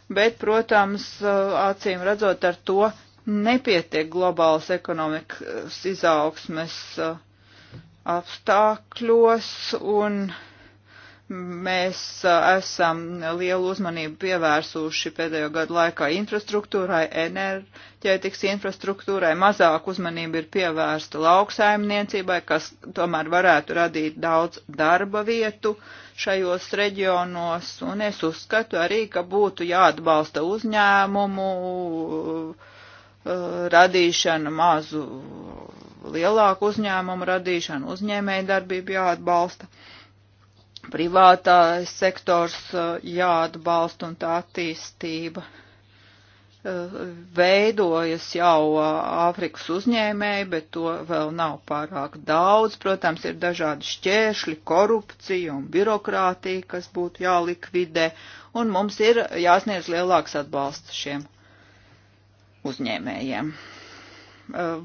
Speaker 3: bet, protams, uh, acīm redzot, ar to nepietiek globālas ekonomikas izaugsmes uh, apstākļos, un mēs uh, esam lielu uzmanību pievērsuši pēdējo gadu laikā infrastruktūrai, enerģētikas infrastruktūrai, mazāk uzmanība ir pievērsta lauksaimniecībai, kas tomēr varētu radīt daudz darba vietu šajos reģionos, un es uzskatu arī, ka būtu jāatbalsta uzņēmumu, uh, Uh, radīšanu, mazu lielāku uzņēmumu radīšanu, uzņēmēju darbību jāatbalsta, privātais sektors uh, jāatbalsta un tā attīstība uh, veidojas jau Āfrikas uzņēmēji, bet to vēl nav pārāk daudz. Protams, ir dažādi šķēršļi, korupcija un birokrātija, kas būtu jālikvidē, un mums ir jāsniedz lielāks atbalsts šiem uzņēmējiem.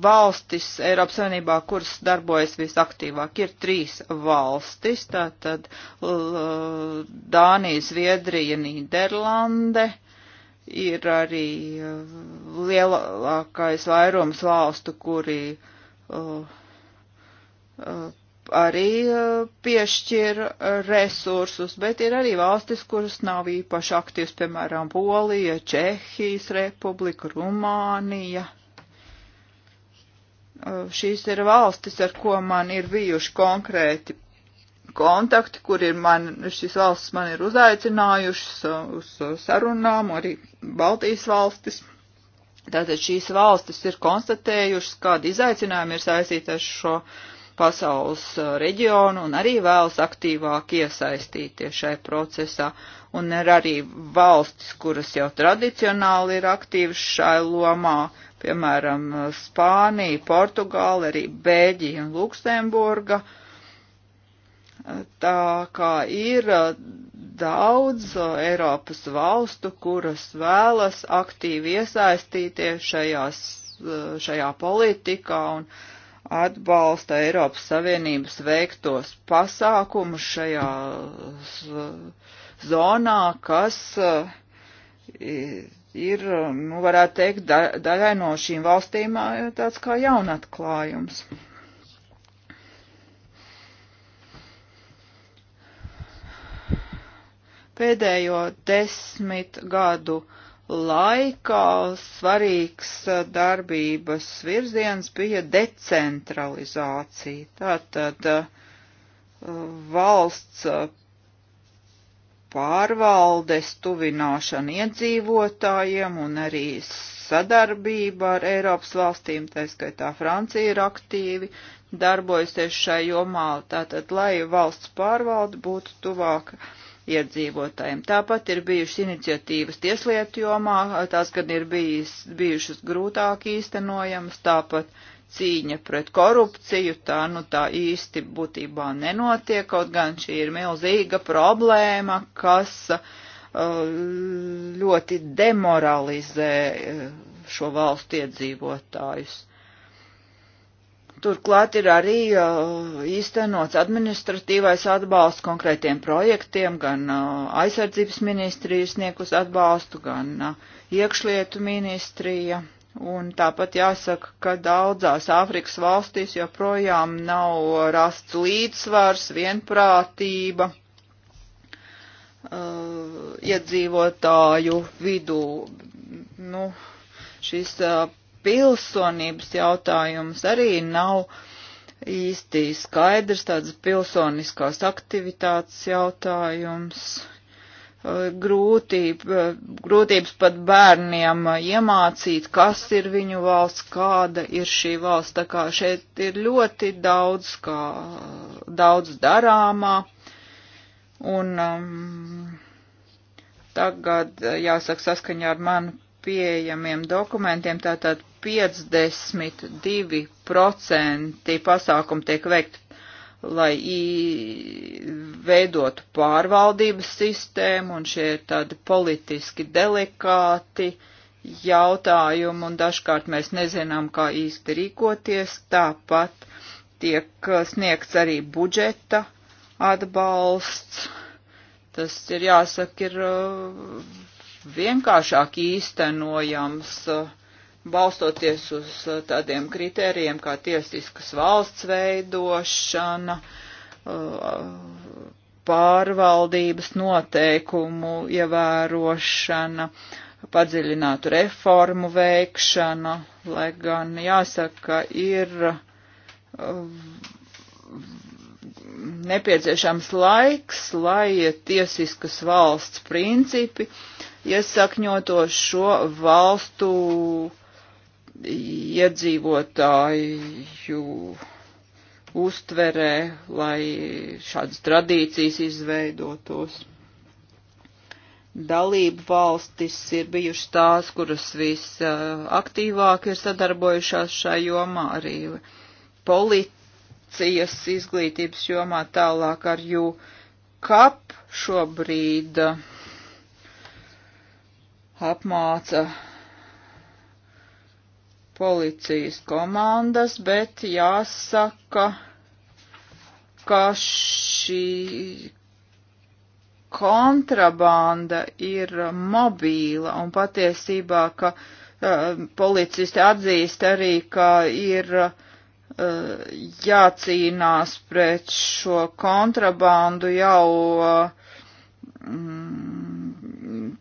Speaker 3: Valstis Eiropas Savienībā, kuras darbojas visaktīvāk, ir trīs valstis, tātad Dānija, Zviedrija, Nīderlande, ir arī lielākais vairums valstu, kuri uh, uh, arī e, piešķir resursus, bet ir arī valstis, kuras nav īpaši aktīvas, piemēram, Polija, Čehijas republika, Rumānija. E, šīs ir valstis, ar ko man ir bijuši konkrēti kontakti, kur ir man, šīs valstis man ir uzaicinājušas e, uz sarunām, arī Baltijas valstis. Tātad šīs valstis ir konstatējušas, kādi izaicinājumi ir saistīti ar šo uh, pasaules uh, reģionu un arī vēlas aktīvāk iesaistīties šai procesā. Un ir arī valstis, kuras jau tradicionāli ir aktīvas šai lomā, piemēram, uh, Spānija, Portugāla, arī Bēģija un Luksemburga. Uh, tā kā ir daudz Eiropas valstu, kuras vēlas aktīvi iesaistīties šajās, šajā politikā un uh, atbalsta Eiropas Savienības veiktos pasākumus šajā zonā, kas e, ir, nu, varētu teikt, da daļai no šīm valstīm e, tāds kā jaunatklājums. Pēdējo desmit gadu uh, laikā svarīgs eh, darbības virziens bija decentralizācija. Tātad eh, valsts eh, pārvaldes tuvināšana iedzīvotājiem un arī sadarbība ar Eiropas valstīm, tā skaitā Francija ir aktīvi darbojusies šai jomā, tātad, lai valsts pārvalde būtu tuvāka iedzīvotājiem. Tāpat ir bijušas iniciatīvas tieslietu jomā, tās gan ir bijis, bijušas grūtāk īstenojamas, tāpat cīņa pret korupciju, tā nu tā īsti būtībā nenotiek, kaut gan šī ir milzīga problēma, kas uh, ļoti demoralizē uh, šo valstu iedzīvotājus. Turklāt ir arī uh, īstenots administratīvais atbalsts konkrētiem projektiem, gan uh, aizsardzības ministrija sniegus atbalstu, gan uh, iekšlietu ministrija. Un tāpat jāsaka, ka daudzās Āfrikas valstīs joprojām nav rasts līdzsvars, vienprātība uh, iedzīvotāju vidū. Nu, šis uh, pilsonības jautājums arī nav īsti skaidrs, tāds pilsoniskās aktivitātes jautājums. Grūtība, grūtības pat bērniem iemācīt, kas ir viņu valsts, kāda ir šī valsts. Tā kā šeit ir ļoti daudz, kā, daudz darāmā. Un um, tagad, jāsaka, saskaņā ar manu pieejamiem dokumentiem, tātad 52% pasākumu tiek veikt, lai veidotu pārvaldības sistēmu, un šie ir tādi politiski delikāti jautājumi, un dažkārt mēs nezinām, kā īsti rīkoties. Tāpat tiek sniegts arī budžeta atbalsts. Tas ir jāsaka, ir vienkāršāk īstenojams, eh, balstoties uz eh, tādiem kritērijiem kā tiesiskas valsts veidošana, eh, pārvaldības noteikumu ievērošana, padziļinātu reformu veikšana, lai gan jāsaka, ir nepieciešams laiks, lai tiesiskas valsts principi iesakņoto šo valstu iedzīvotāju uztverē, lai šādas tradīcijas izveidotos. Dalību valstis ir bijušas tās, kuras visaktīvāk ir sadarbojušās šajā jomā, arī policijas izglītības jomā tālāk ar jū kap šobrīd. Uh, apmāca policijas komandas, bet jāsaka, ka šī kontrabanda ir mobīla un patiesībā, ka uh, policisti atzīst arī, ka ir uh, jācīnās pret šo kontrabandu jau uh, mm,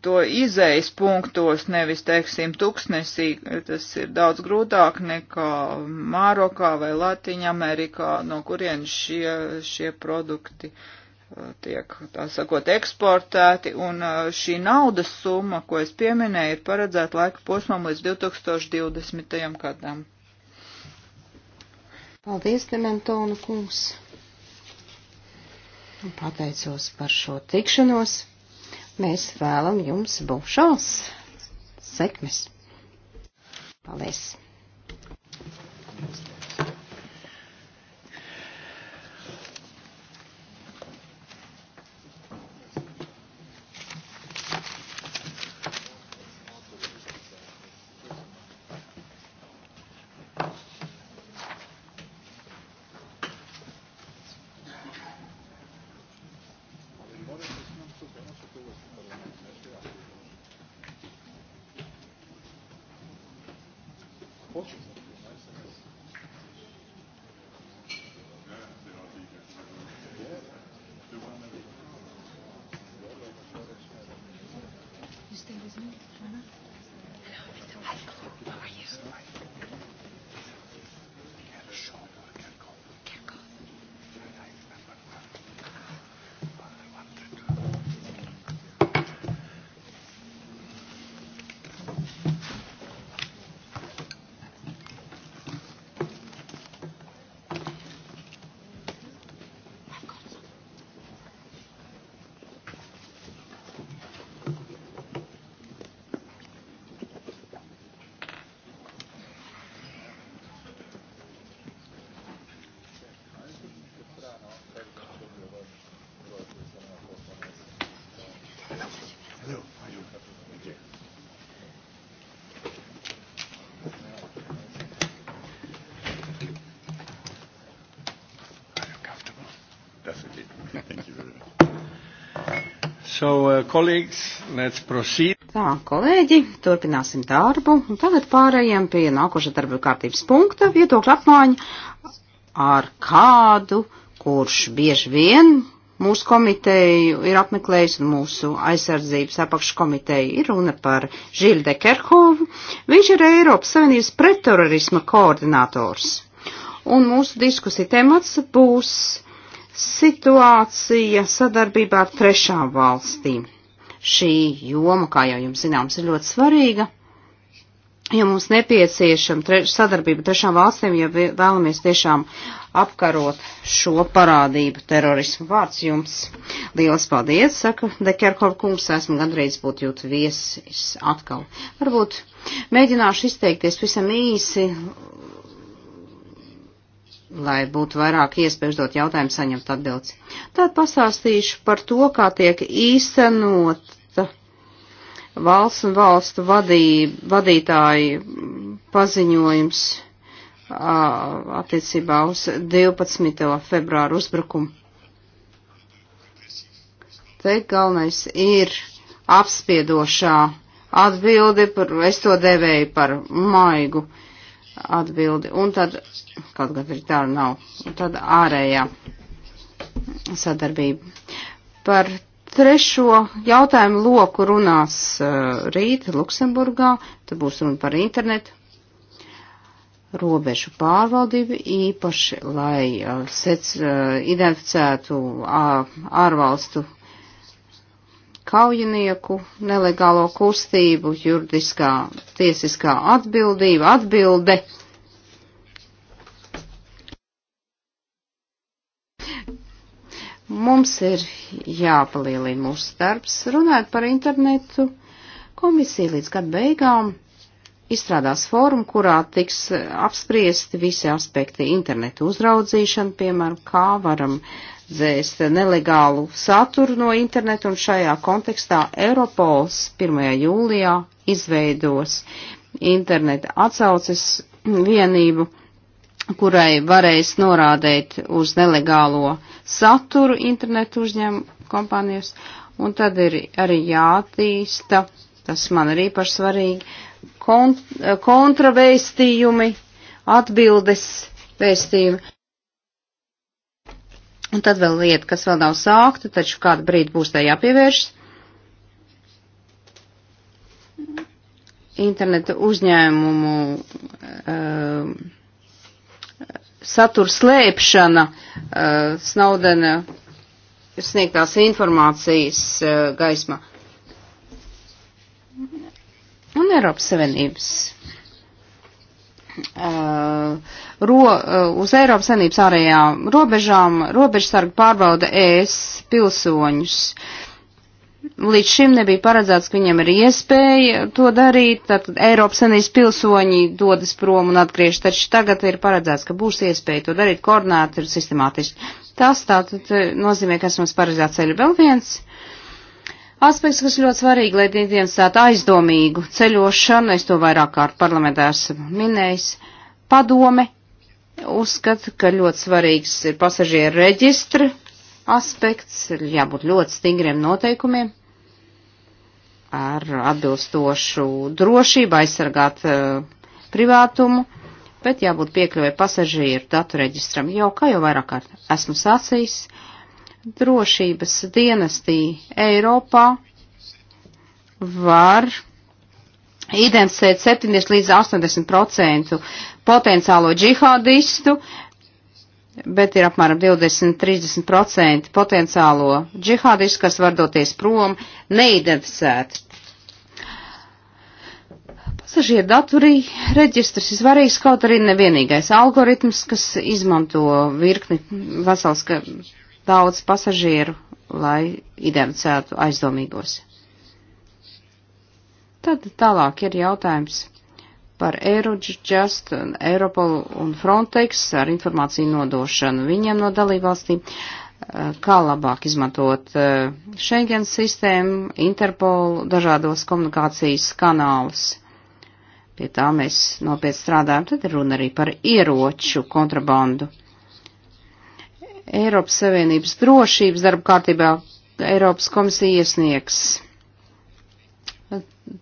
Speaker 3: to izējas punktos, nevis, teiksim, tuksnesī. Tas ir daudz grūtāk nekā Mārokā vai Latviņamerikā, no kurienes šie, šie produkti uh, tiek, tā sakot, eksportēti, un uh, šī naudas summa, ko es pieminēju, ir paredzēta laika posmam līdz 2020. gadam.
Speaker 1: Paldies, Dementona kungs! Pateicos par šo tikšanos. Mēs vēlam jums būšos sekmes. Paldies! Thank you. So, uh, Tā, kolēģi, turpināsim darbu. Un tagad pārējiem pie nākoša darba kārtības punkta - viedokļa apmaiņa ar kādu, kurš bieži vien mūsu komiteju ir apmeklējis un mūsu aizsardzības apakškomiteju ir runa par Žiļu de Kerhovu. Viņš ir Eiropas Savienības pretterorisma koordinators. Un mūsu diskusija temats būs situācija sadarbībā ar trešām valstīm. Šī joma, kā jau jums zināms, ir ļoti svarīga, ja mums nepieciešama treš, sadarbība trešām valstīm, ja vēlamies tiešām apkarot šo parādību terorismu. Vārds jums liels paldies, saka Dekerkov kungs, esmu gandrīz būt jūt viesis atkal. Varbūt mēģināšu izteikties visam īsi, lai būtu vairāk iespēju uzdot jautājumu, saņemt atbildes. Tad pastāstīšu par to, kā tiek īstenota valsts un valstu vadī, vadītāji paziņojums attiecībā uz 12. februāru uzbrukumu. Te galvenais ir apspiedošā atbildi, par, es to devēju par maigu uh, atbildi. Un tad, kaut gan ir tā nav, un tad ārējā sadarbība. Par trešo jautājumu loku runās uh, rīt Luksemburgā, tad būs runa par internetu, robežu pārvaldību īpaši, lai uh, sec, uh, identificētu ārvalstu kaujinieku nelegālo kustību, juridiskā, tiesiskā atbildība, atbilde. Mums ir jāpalielina mūsu darbs, runājot par internetu. Komisija līdz gada beigām izstrādās fórumu, kurā tiks apspriesti visi aspekti internetu uzraudzīšana, piemēram, kā varam dzēst nelegālu saturu no interneta, un šajā kontekstā Europols 1. jūlijā izveidos interneta atsauces vienību, kurai varēs norādēt uz nelegālo saturu internetu uzņēmumu kompānijas, un tad ir arī jātīsta, tas man ir īpaši svarīgi, kont kontravēstījumi, atbildes vēstījumi. Un tad vēl lieta, kas vēl nav sākta, taču kādu brīdi būs tai jāpievēršas. Interneta uzņēmumu uh, satura slēpšana uh, eh, Snaudena sniegtās informācijas uh, eh, gaismā. Un Eiropas Savienības Uh, ro, uh, uz Eiropas Sanības ārējām robežām robežsargi pārbauda ES pilsoņus. Līdz šim nebija paredzēts, ka viņam ir iespēja to darīt, tad Eiropas Sanības pilsoņi dodas prom un atgriež, taču tagad ir paredzēts, ka būs iespēja to darīt koordinēti un sistemātiski. Tas tātad uh, nozīmē, ka esmu paredzēts ceļu vēl viens aspekts, kas ļoti svarīgi, lai identificētu aizdomīgu ceļošanu, es to vairāk kārt parlamentā esmu minējis, padome uzskata, ka ļoti svarīgs ir pasažieru reģistra aspekts, ir jābūt ļoti stingriem noteikumiem ar atbilstošu drošību, aizsargāt uh, privātumu, bet jābūt piekļuvai pasažieru datu reģistram. Jau kā jau vairāk kārt esmu sacījis, uh, drošības dienestī Eiropā var identificēt 70 līdz 80% potenciālo džihādistu, bet ir apmēram 20-30% potenciālo džihādistu, kas var doties prom neidentificēti. Pasažieru datu reģistrs ir svarīgs, kaut arī nevienīgais algoritms, kas izmanto virkni vesels daudz pasažieru, lai identificētu aizdomīgos. Tad tālāk ir jautājums par Eurojust, Europol un Frontex ar informāciju nodošanu viņiem no dalībvalstīm, eh, kā labāk izmantot eh, Schengen sistēmu, Interpol, dažādos komunikācijas kanālus. Pie tā mēs nopietni strādājam, tad runa arī par ieroču kontrabandu. Eiropas Savienības drošības darba kārtībā Eiropas komisija iesniegs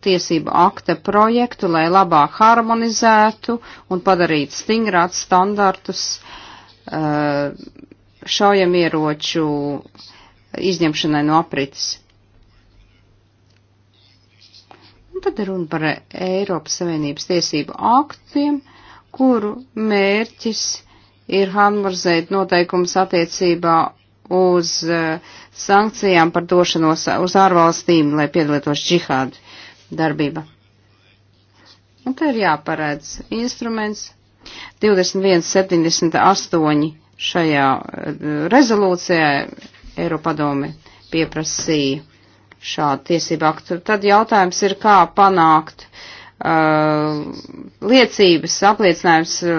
Speaker 1: tiesību akta projektu, lai labāk harmonizētu un padarītu stingrāt standartus eh, šaujamieroču izņemšanai no aprites. Un tad ir runa par Eiropas Savienības tiesību aktiem, kuru mērķis ir harmonizēt noteikums attiecībā uz e, sankcijām par došanos uz ārvalstīm, lai piedalītos džihādu darbība. Un te ir jāparēdz instruments 2178 šajā e, rezolūcijā Eiropadome pieprasīja šādu tiesību aktu. Tad jautājums ir, kā panākt uh, liecības, apliecinājums uh,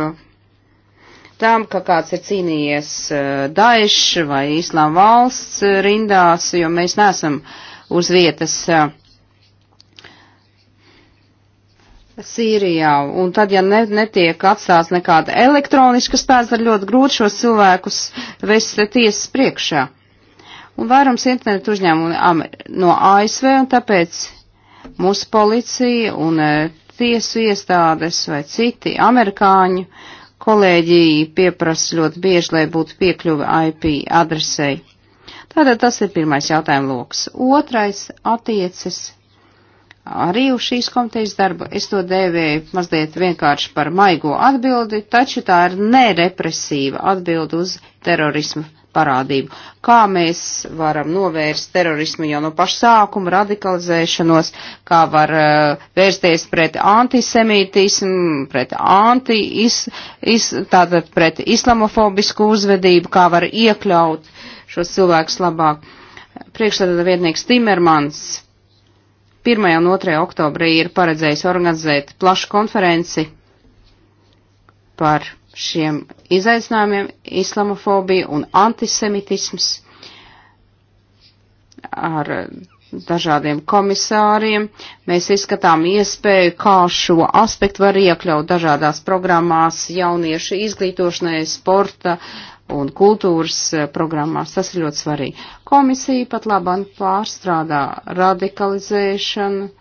Speaker 1: tam, ka kāds ir cīnījies eh, Daesh vai Islām valsts eh, rindās, jo mēs neesam uz vietas eh, Sīrijā. Un tad, ja ne, netiek atstāts nekāda elektroniska spēks, tad ļoti grūti šos cilvēkus vest tiesas priekšā. Un vairums internetu uzņēmumu no ASV, un tāpēc mūsu policija un tiesu iestādes vai citi amerikāņu uh, kolēģi pieprasa ļoti bieži, lai būtu piekļuve IP adresei. Tātad tas ir pirmais jautājuma lokus. Otrais attiecas arī uz šīs komitejas darbu. Es to dēvēju mazliet vienkārši par maigo atbildi, taču tā ir nerepresīva atbildi uz terorismu parādību. Kā mēs varam novērst terorismu jau no paša sākuma radikalizēšanos, kā var uh, vērsties pret antisemītismu, pret anti, is, is, tātad pret islamofobisku uzvedību, kā var iekļaut šos cilvēkus labāk. Priekšsēdētāja vietnieks Timermans 1. un 2. oktobrī ir paredzējis organizēt plašu konferenci par šiem izaicinājumiem - islamofobija un antisemitisms ar dažādiem komisāriem. Mēs izskatām iespēju, kā šo aspektu var iekļaut dažādās programmās jauniešu izglītošanai, sporta un kultūras programmās. Tas ir ļoti svarīgi. Komisija pat labāk pārstrādā radikalizēšanu, uh,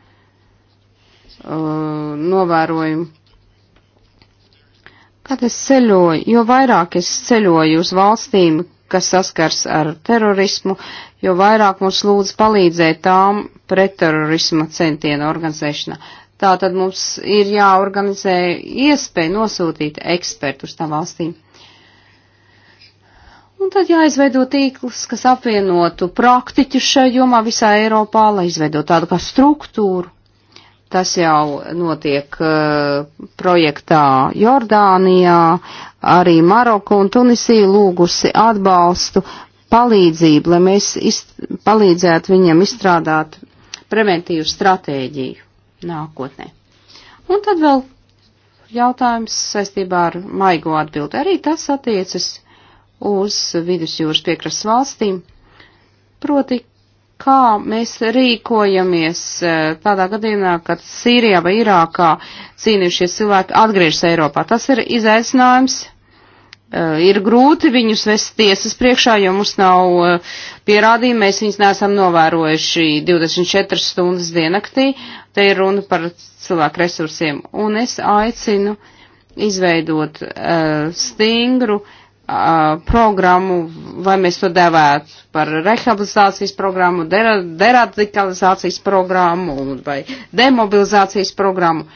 Speaker 1: novērojumu Kad es ceļoju, jo vairāk es ceļoju uz valstīm, kas saskars ar terorismu, jo vairāk mums lūdz palīdzēt tām pretterorisma centienu organizēšanā. Tātad mums ir jāorganizē iespēja nosūtīt ekspertu uz tām valstīm. Un tad jāizveido tīkls, kas apvienotu praktiķu šajā jomā visā Eiropā, lai izveido tādu kā struktūru, Tas jau notiek uh, projektā Jordānijā, arī Maroku un Tunisiju lūgusi atbalstu, palīdzību, lai mēs izt, palīdzētu viņiem izstrādāt preventīvu stratēģiju nākotnē. Un tad vēl jautājums saistībā ar maigo atbildi. Arī tas attiecas uz vidusjūras piekrasts valstīm, proti, Kā mēs rīkojamies eh, tādā gadījumā, kad Sīrijā vai Irākā cīnījušies cilvēki atgriežas Eiropā? Tas ir izaicinājums. Eh, ir grūti viņus vest tiesas priekšā, jo mums nav eh, pierādījumi, mēs viņus neesam novērojuši 24 stundas dienaktī. Te ir runa par cilvēku resursiem. Un es aicinu izveidot uh, stingru uh, programmu, vai mēs to devētu par rehabilitācijas programmu, deradikalizācijas programmu vai demobilizācijas programmu.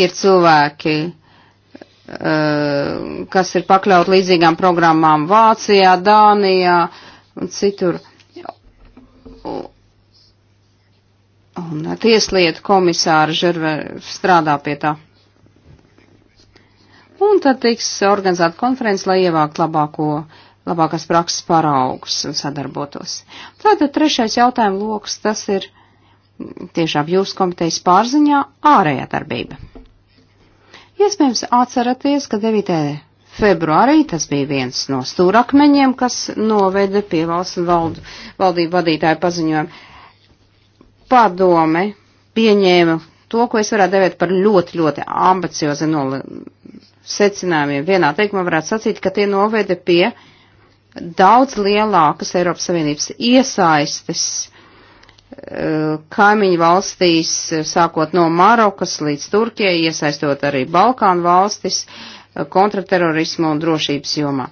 Speaker 1: Ir cilvēki, kas ir pakļaut līdzīgām programmām Vācijā, Dānijā un citur. Un tieslietu komisāra Žerve strādā pie tā. Un tad tiks organizēta konferences, lai ievākt labāko, labākās prakses paraugus un sadarbotos. Tātad trešais jautājums lokus, tas ir tiešām jūsu komitejas pārziņā ārējā darbība. Iespējams, atceraties, ka 9. februārī tas bija viens no stūrakmeņiem, kas noveda pie valsts un valdu, valdību vadītāju paziņojumu. Padome pieņēma to, ko es varētu devēt par ļoti, ļoti ambiciozu secinājumiem. Vienā teikumā varētu sacīt, ka tie noveda pie daudz lielākas Eiropas Savienības iesaistes eh, kaimiņu valstīs, eh, sākot no Marokas līdz Turkijai, iesaistot arī Balkānu valstis eh, kontraterorismu un drošības jomā.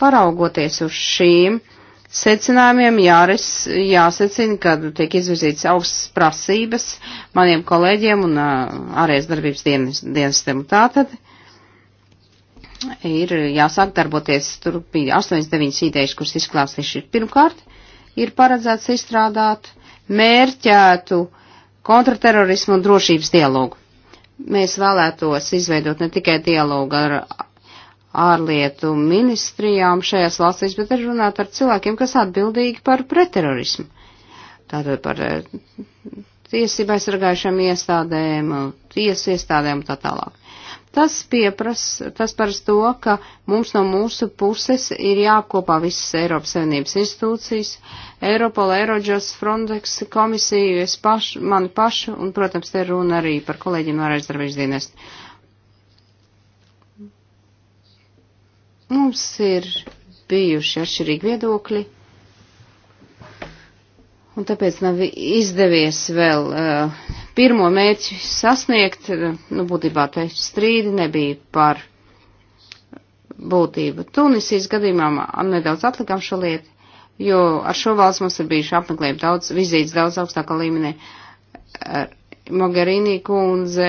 Speaker 1: Paraugoties uz šīm secinājumiem, jāres, jāsecina, ka tiek izvirzīts augsts prasības maniem kolēģiem un ārējas darbības dienestiem. Tātad ir jāsāk darboties. Tur bija 8-9 idejas, kuras izklāstīšu. Pirmkārt, ir paredzēts izstrādāt mērķētu kontraterorismu un drošības dialogu. Mēs vēlētos izveidot ne tikai dialogu ar ārlietu ministrijām šajās valstīs, bet arī runāt ar cilvēkiem, kas atbildīgi par pretterorismu. Tātad par eh, tiesībai sargājušām iestādēm, tiesu iestādēm un tā tālāk. Tas pieprasa, tas par to, ka mums no mūsu puses ir jāapkopā visas Eiropas Savienības institūcijas, Eiropola, Eirodžas, Frontex komisiju, es pašu, mani pašu, un, protams, te runa arī par kolēģiem no aizdarbiņas dienestu. Mums ir bijuši atšķirīgi viedokļi, un tāpēc nav izdevies vēl uh, pirmo mērķi sasniegt, nu, būtībā te strīdi nebija par būtību. Tunisijas gadījumā nedaudz atlikām šo lietu, jo ar šo valsts mums ir bijuši apmeklējumi daudz, vizītes daudz augstākā līmenī. Mogherini kundze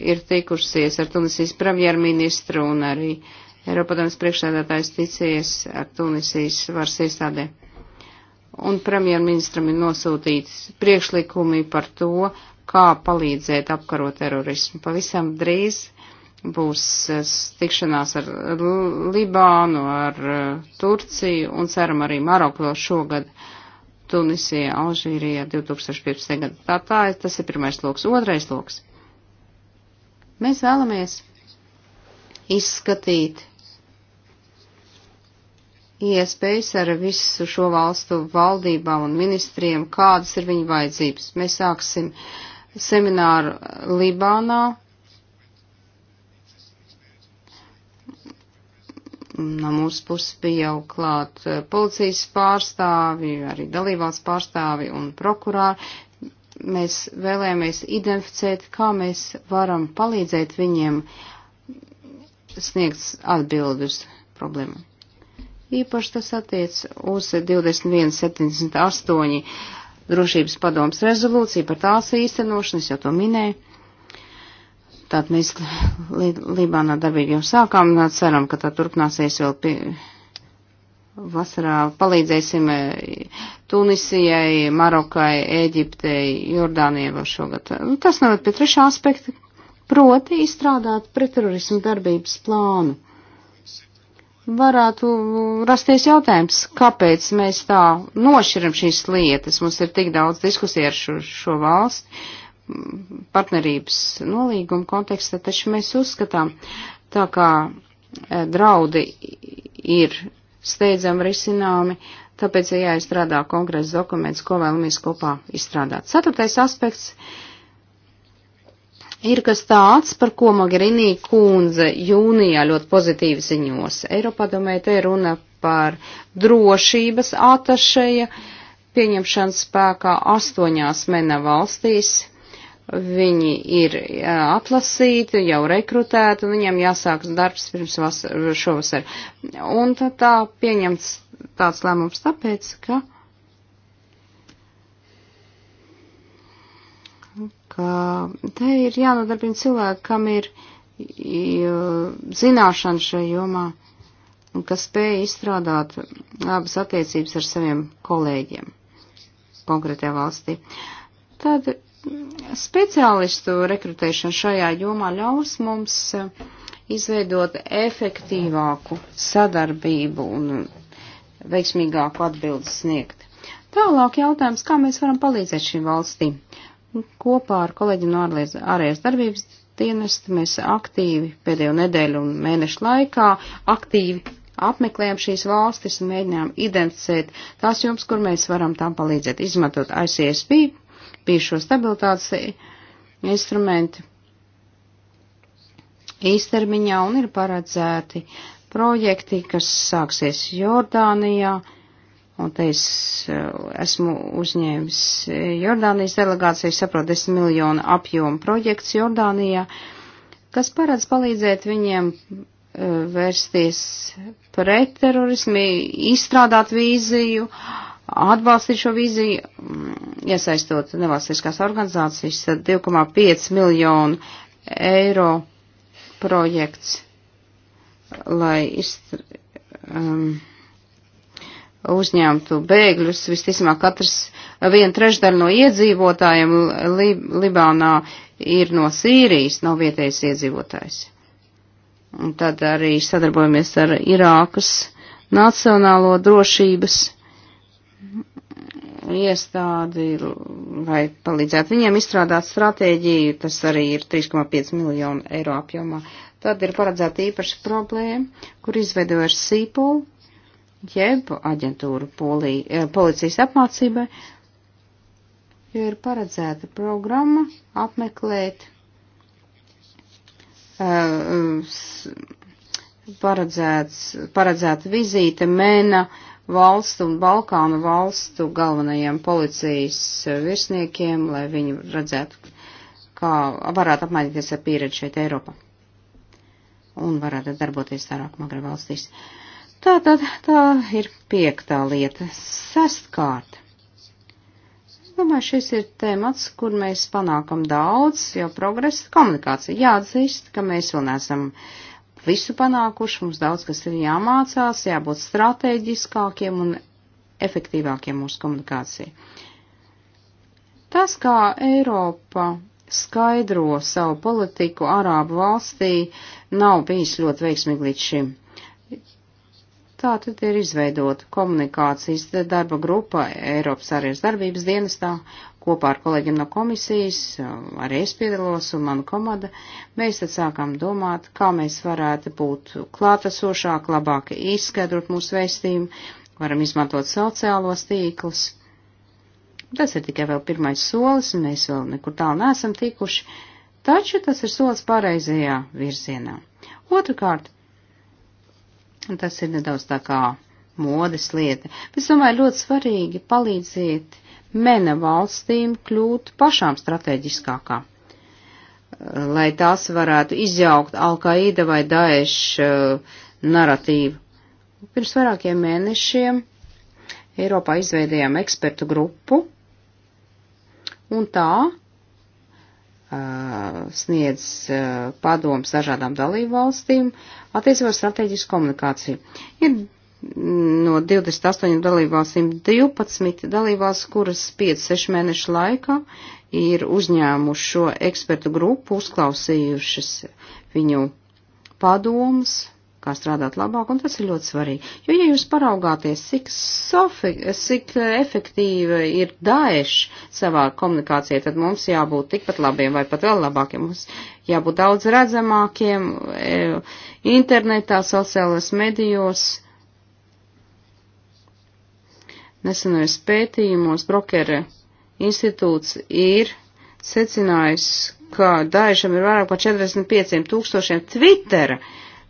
Speaker 1: ir tikušies ar Tunisijas premjerministru un arī Eiropadomas priekšsēdētājs ticies ar Tunisijas varas iestādēm un premjerministram ir nosūtīts priekšlikumi par to, kā palīdzēt apkarot terorismu. Pavisam drīz būs eh, tikšanās ar Libānu, ar eh, Turciju un ceram arī Maroku vēl šogad. Tunisija, Alžīrijā 2015. gadā. Tā, tā tas ir pirmais loks. Otrais loks. Mēs vēlamies izskatīt iespējas ar visu šo valstu valdībām un ministriem, kādas ir viņu vajadzības. Mēs sāksim uh, semināru Libānā. No mūsu puses bija jau klāt eh, policijas pārstāvi, arī dalībvalsts pārstāvi un prokurāri. Mēs vēlējāmies identificēt, kā mēs varam palīdzēt viņiem sniegt atbildus problēmām. Īpaši tas attiec uz 2178 drošības padomas rezolūciju par tās īstenošanu, es jau to minēju. Tātad mēs li, Libānā darbību jau sākām, ceram, ka tā turpināsies vēl pie vasarā. Palīdzēsim eh, Tunisijai, Marokai, Ēģiptei, Jordānijai vēl šogad. Nu, tas noved pie trešā aspekta, proti izstrādāt pretterorismu darbības plānu varētu rasties jautājums, kāpēc mēs tā nošķiram šīs lietas. Mums ir tik daudz diskusiju ar šo, šo valstu partnerības nolīgumu kontekstā, taču mēs uzskatām, tā kā eh, draudi ir steidzami risināmi, tāpēc ir jāizstrādā konkrēts dokuments, ko vēlamies kopā izstrādāt. Ceturtais aspekts ir kas tāds, par ko Mogherini kundze jūnijā ļoti pozitīvi ziņos. Eiropadomē te runa par drošības atašeja pieņemšanu spēkā astoņās mena valstīs. Viņi ir atlasīti, jau rekrutēti, un viņiem jāsāks darbs pirms vasar, šovasar. Un tā pieņemts tāds lēmums tāpēc, ka ka te ir jānodarbina cilvēki, kam ir zināšana šajā jomā un kas spēja izstrādāt labas attiecības ar saviem kolēģiem konkrētajā valstī. Tad speciālistu rekrutēšana šajā jomā ļaus mums e, izveidot efektīvāku sadarbību un veiksmīgāku atbildes sniegt. Tālāk jautājums, kā mēs varam palīdzēt šīm valstīm? Kopā ar kolēģi no ārējās darbības dienesta mēs aktīvi pēdējo nedēļu un mēnešu laikā aktīvi apmeklējām šīs valstis un mēģinām identificēt tās jums, kur mēs varam tām palīdzēt, izmantot ICSP, bijušo stabilitātes instrumenti īstermiņā un ir paredzēti projekti, kas sāksies Jordānijā, Un te es eh, esmu uzņēmis Jordānijas delegāciju, saprotu, 10 miljonu apjomu projekts Jordānijā, kas paredz palīdzēt viņiem eh, vērsties pret terorismu, izstrādāt vīziju, atbalstīt šo vīziju, mm, iesaistot nevalstiskās organizācijas, 2,5 miljonu eiro projekts, lai izstrādāt. Um, ehm, uzņemtu bēgļus. Visticamāk, katrs viena trešdaļa no iedzīvotājiem Lib Libānā ir no Sīrijas, nav vietējais iedzīvotājs. Un tad arī sadarbojamies ar Irākas Nacionālo drošības iestādi, lai palīdzētu viņiem izstrādāt stratēģiju, tas arī ir 3,5 miljonu eiro apjomā. Tad ir paredzēta īpaša problēma, kur izveidojuši sīpulu jeb aģentūru polī, eh, policijas apmācībai, ir paredzēta programma apmeklēt eh, paredzēts, paredzēta vizīte mēna valstu un Balkānu valstu galvenajiem policijas eh, virsniekiem, lai viņi redzētu, kā varētu apmainīties ar pieredzi šeit Eiropā un varētu darboties vairāk Magreba valstīs. Uh, Tā tad tā ir piektā lieta. Sestkārt. Es domāju, šis ir temats, kur mēs panākam daudz, jo progresa komunikācija jāatzīst, ka mēs vēl neesam visu panākuši, mums daudz kas ir jāmācās, jābūt strateģiskākiem un efektīvākiem mūsu komunikācija. Tas, kā Eiropa skaidro savu politiku Arābu valstī, nav bijis ļoti veiksmīgi līdz šim. Tā tad ir izveidota komunikācijas darba grupa Eiropas arīes darbības dienestā kopā ar kolēģiem no komisijas, um, arī es piedalos un mana komanda. Mēs tad sākām domāt, kā mēs varētu būt klātesošāk, labāk izskaidrot mūsu veistījumu, varam izmantot sociālos tīklus. Tas ir tikai vēl pirmais solis, un mēs vēl nekur tālu neesam tikuši, taču tas ir solis pareizajā virzienā. Otrakārt, Un tas ir nedaudz tā kā modes lieta. Bet es domāju, ļoti svarīgi palīdziet mena valstīm kļūt pašām strateģiskākām lai tās varētu izjaukt Alkaīda vai Daesh uh, naratīvu. Pirms vairākiem mēnešiem Eiropā izveidējām ekspertu grupu, un tā uh, sniedz uh, padoms dažādām dalību valstīm attiecībā uz strateģisku komunikāciju. Ir mm, no 28 dalībvalstīm 12 dalībvalsts, kuras 5-6 mēnešu laikā ir uzņēmuši šo ekspertu grupu, uzklausījušas viņu padomus, kā strādāt labāk, un tas ir ļoti svarīgi. Jo, ja jūs paraugāties, cik, sofi, cik efektīva ir Daesh savā komunikācijā, tad mums jābūt tikpat labiem vai pat vēl labākiem. Mums jābūt daudz redzamākiem e, internetā, sociālajos medijos. Nesenajos pētījumos Brokera institūts ir secinājis, ka Daešam ir vairāk par 45 tūkstošiem Twittera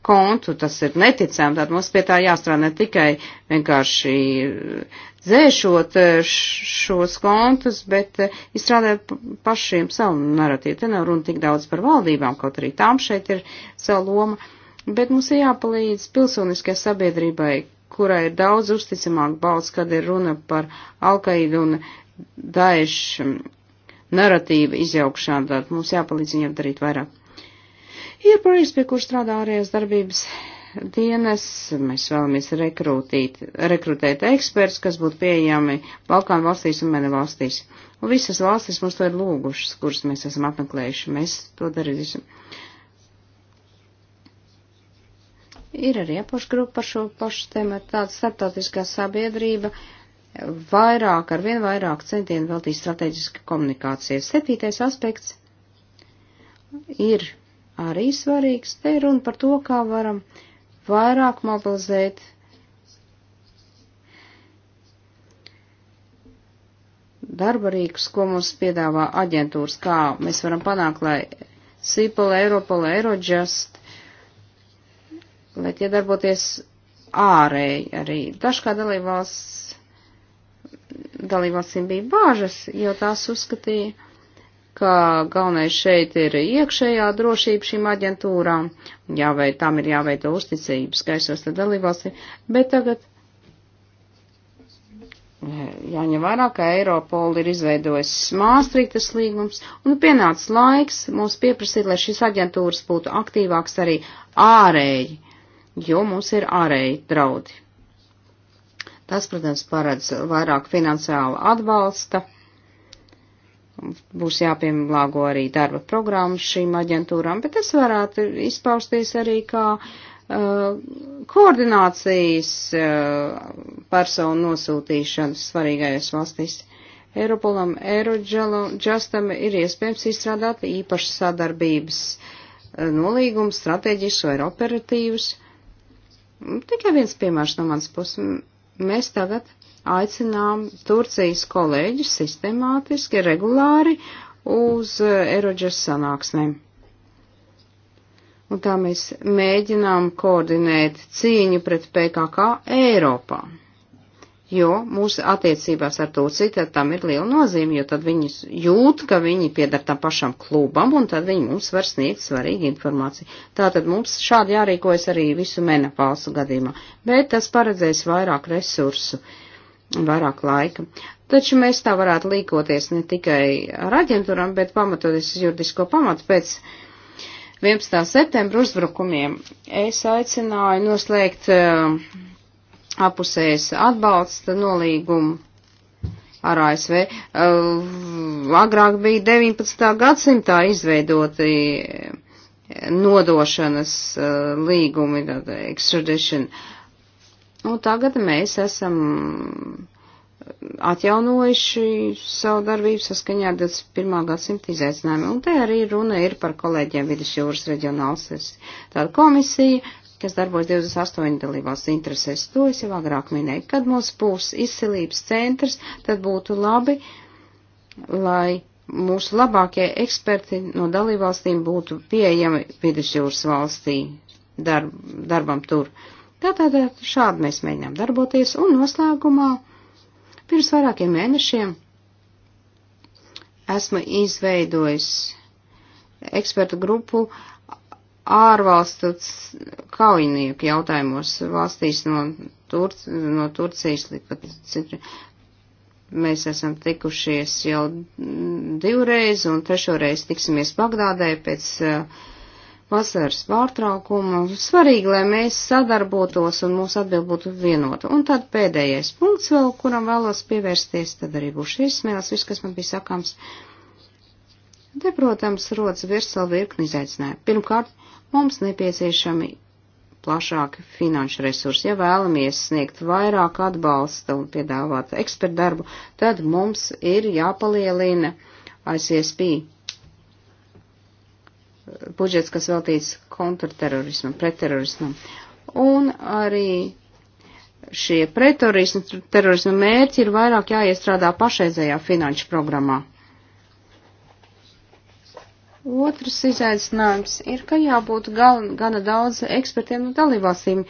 Speaker 1: kontu, tas ir neticami, tad mums pie tā jāstrādā ne tikai vienkārši eh, dzēšot eh, šos kontus, bet eh, izstrādāt pašiem savu naratīvu. Te nav runa tik daudz par valdībām, kaut arī tām šeit ir savu lomu, bet mums ir jāpalīdz pilsoniskajai sabiedrībai, kurai ir daudz uzticamāk balsts, kad ir runa par Alkaidu un Daešu mm, naratīvu izjaukšanu, tad mums jāpalīdz viņiem darīt vairāk. Ir projekts, pie kur strādā ārējās darbības dienas. Mēs vēlamies rekrutīt, rekrutēt eksperts, kas būtu pieejami Balkānu valstīs un Mene valstīs. Un visas valstis mums to ir lūgušas, kuras mēs esam apmeklējuši. Mēs to darīsim. Ir arī apakšgrupa par šo pašu tēmu, tāda starptautiskā sabiedrība. Vairāk, ar vien vairāk centienu veltīs strateģiski komunikācijas. Septītais aspekts ir arī svarīgs. Te ir runa par to, kā varam vairāk mobilizēt darbarīgus, ko mums piedāvā aģentūras, kā mēs varam panākt, lai Sīpola, Eiropola, Eirojust, lai tie darboties ārēji arī. Dažkārt dalībvalsts, dalībvalstīm bija bāžas, jo tās uzskatīja, ka galvenais šeit ir iekšējā drošība šīm aģentūrām, jāvei, tam ir jāveido uzticības gaisos tad dalībvalstīm, bet tagad eh, jāņem vērā, ka Eiropola ir izveidojis smāstrītas līgums, un pienācis laiks mums pieprasīt, lai šīs aģentūras būtu aktīvāks arī ārēji, jo mums ir ārēji draudi. Tas, protams, paredz vairāk finansiāla atbalsta būs jāpiemlāgo arī darba programmas šīm aģentūrām, bet tas varētu izpausties arī kā uh, koordinācijas uh, personu nosūtīšanas svarīgajās valstīs. Eiropolam, Eirojustam ir iespējams izstrādāt īpašas sadarbības uh, nolīgumus, strateģiskus vai operatīvus. Tikai viens piemērs no manas puses. Mēs tagad aicinām Turcijas kolēģus sistemātiski, regulāri uz Eroģas sanāksmēm. Un tā mēs mēģinām koordinēt cīņu pret PKK Eiropā jo mūsu attiecībās ar Turciju tad tam ir liela nozīme, jo tad viņi jūt, ka viņi piedar tam pašam klubam, un tad viņi mums var sniegt svarīgu informāciju. Tātad mums šādi jārīkojas arī visu mena valstu gadījumā, bet tas paredzēs vairāk resursu vairāk laika. Taču mēs tā varētu līkoties ne tikai ar aģentūram, bet pamatoties uz juridisko pamatu pēc 11. septembra uzbrukumiem. Es aicināju noslēgt uh, apusējas atbalsta nolīgumu ar ASV. Uh, eh, agrāk bija 19. gadsimtā izveidoti eh, nodošanas uh, līgumi, tāda extradition. Uh, Un nu, tagad mēs esam atjaunojuši savu darbību saskaņā ar 21. gadsimta izaicinājumu. Un te arī runa ir par kolēģiem vidusjūras reģionāls tāda komisija, kas darbojas 28 dalībās interesēs. To es jau agrāk minēju. Kad mums būs izcilības centrs, tad būtu labi, lai mūsu labākie eksperti no dalībvalstīm būtu pieejami vidusjūras valstī darb, darbam tur. Uh, Tātad šādi mēs mēģinām darboties, un noslēgumā pirms vairākiem mēnešiem esmu izveidojis ekspertu grupu ārvalstu kaujinieku jautājumos valstīs no, Tur no Turcijas līdz pat citri. Mēs esam tikušies jau divreiz, un trešoreiz tiksimies Bagdādē pēc uh, vasaras pārtraukumu. Svarīgi, lai mēs sadarbotos un mūsu atbild būtu vienota. Un tad pēdējais punkts vēl, kuram vēlos pievērsties, tad arī būšu izsmēlis viss, kas man bija sakāms. Te, protams, rodas virsala virkni izaicinājumi. Pirmkārt, mums nepieciešami plašāki finanšu resursi. Ja vēlamies sniegt vairāk atbalsta un piedāvāt ekspertu darbu, tad mums ir jāpalielina ICSP budžets, kas veltīts kontrterorismam, pretterorismam. Un arī šie pretterorismu terorismu mērķi ir vairāk jāiestrādā pašreizējā finanšu programmā. Otrs izaicinājums ir, ka jābūt gal, gana daudz ekspertiem no dalībvalstīm.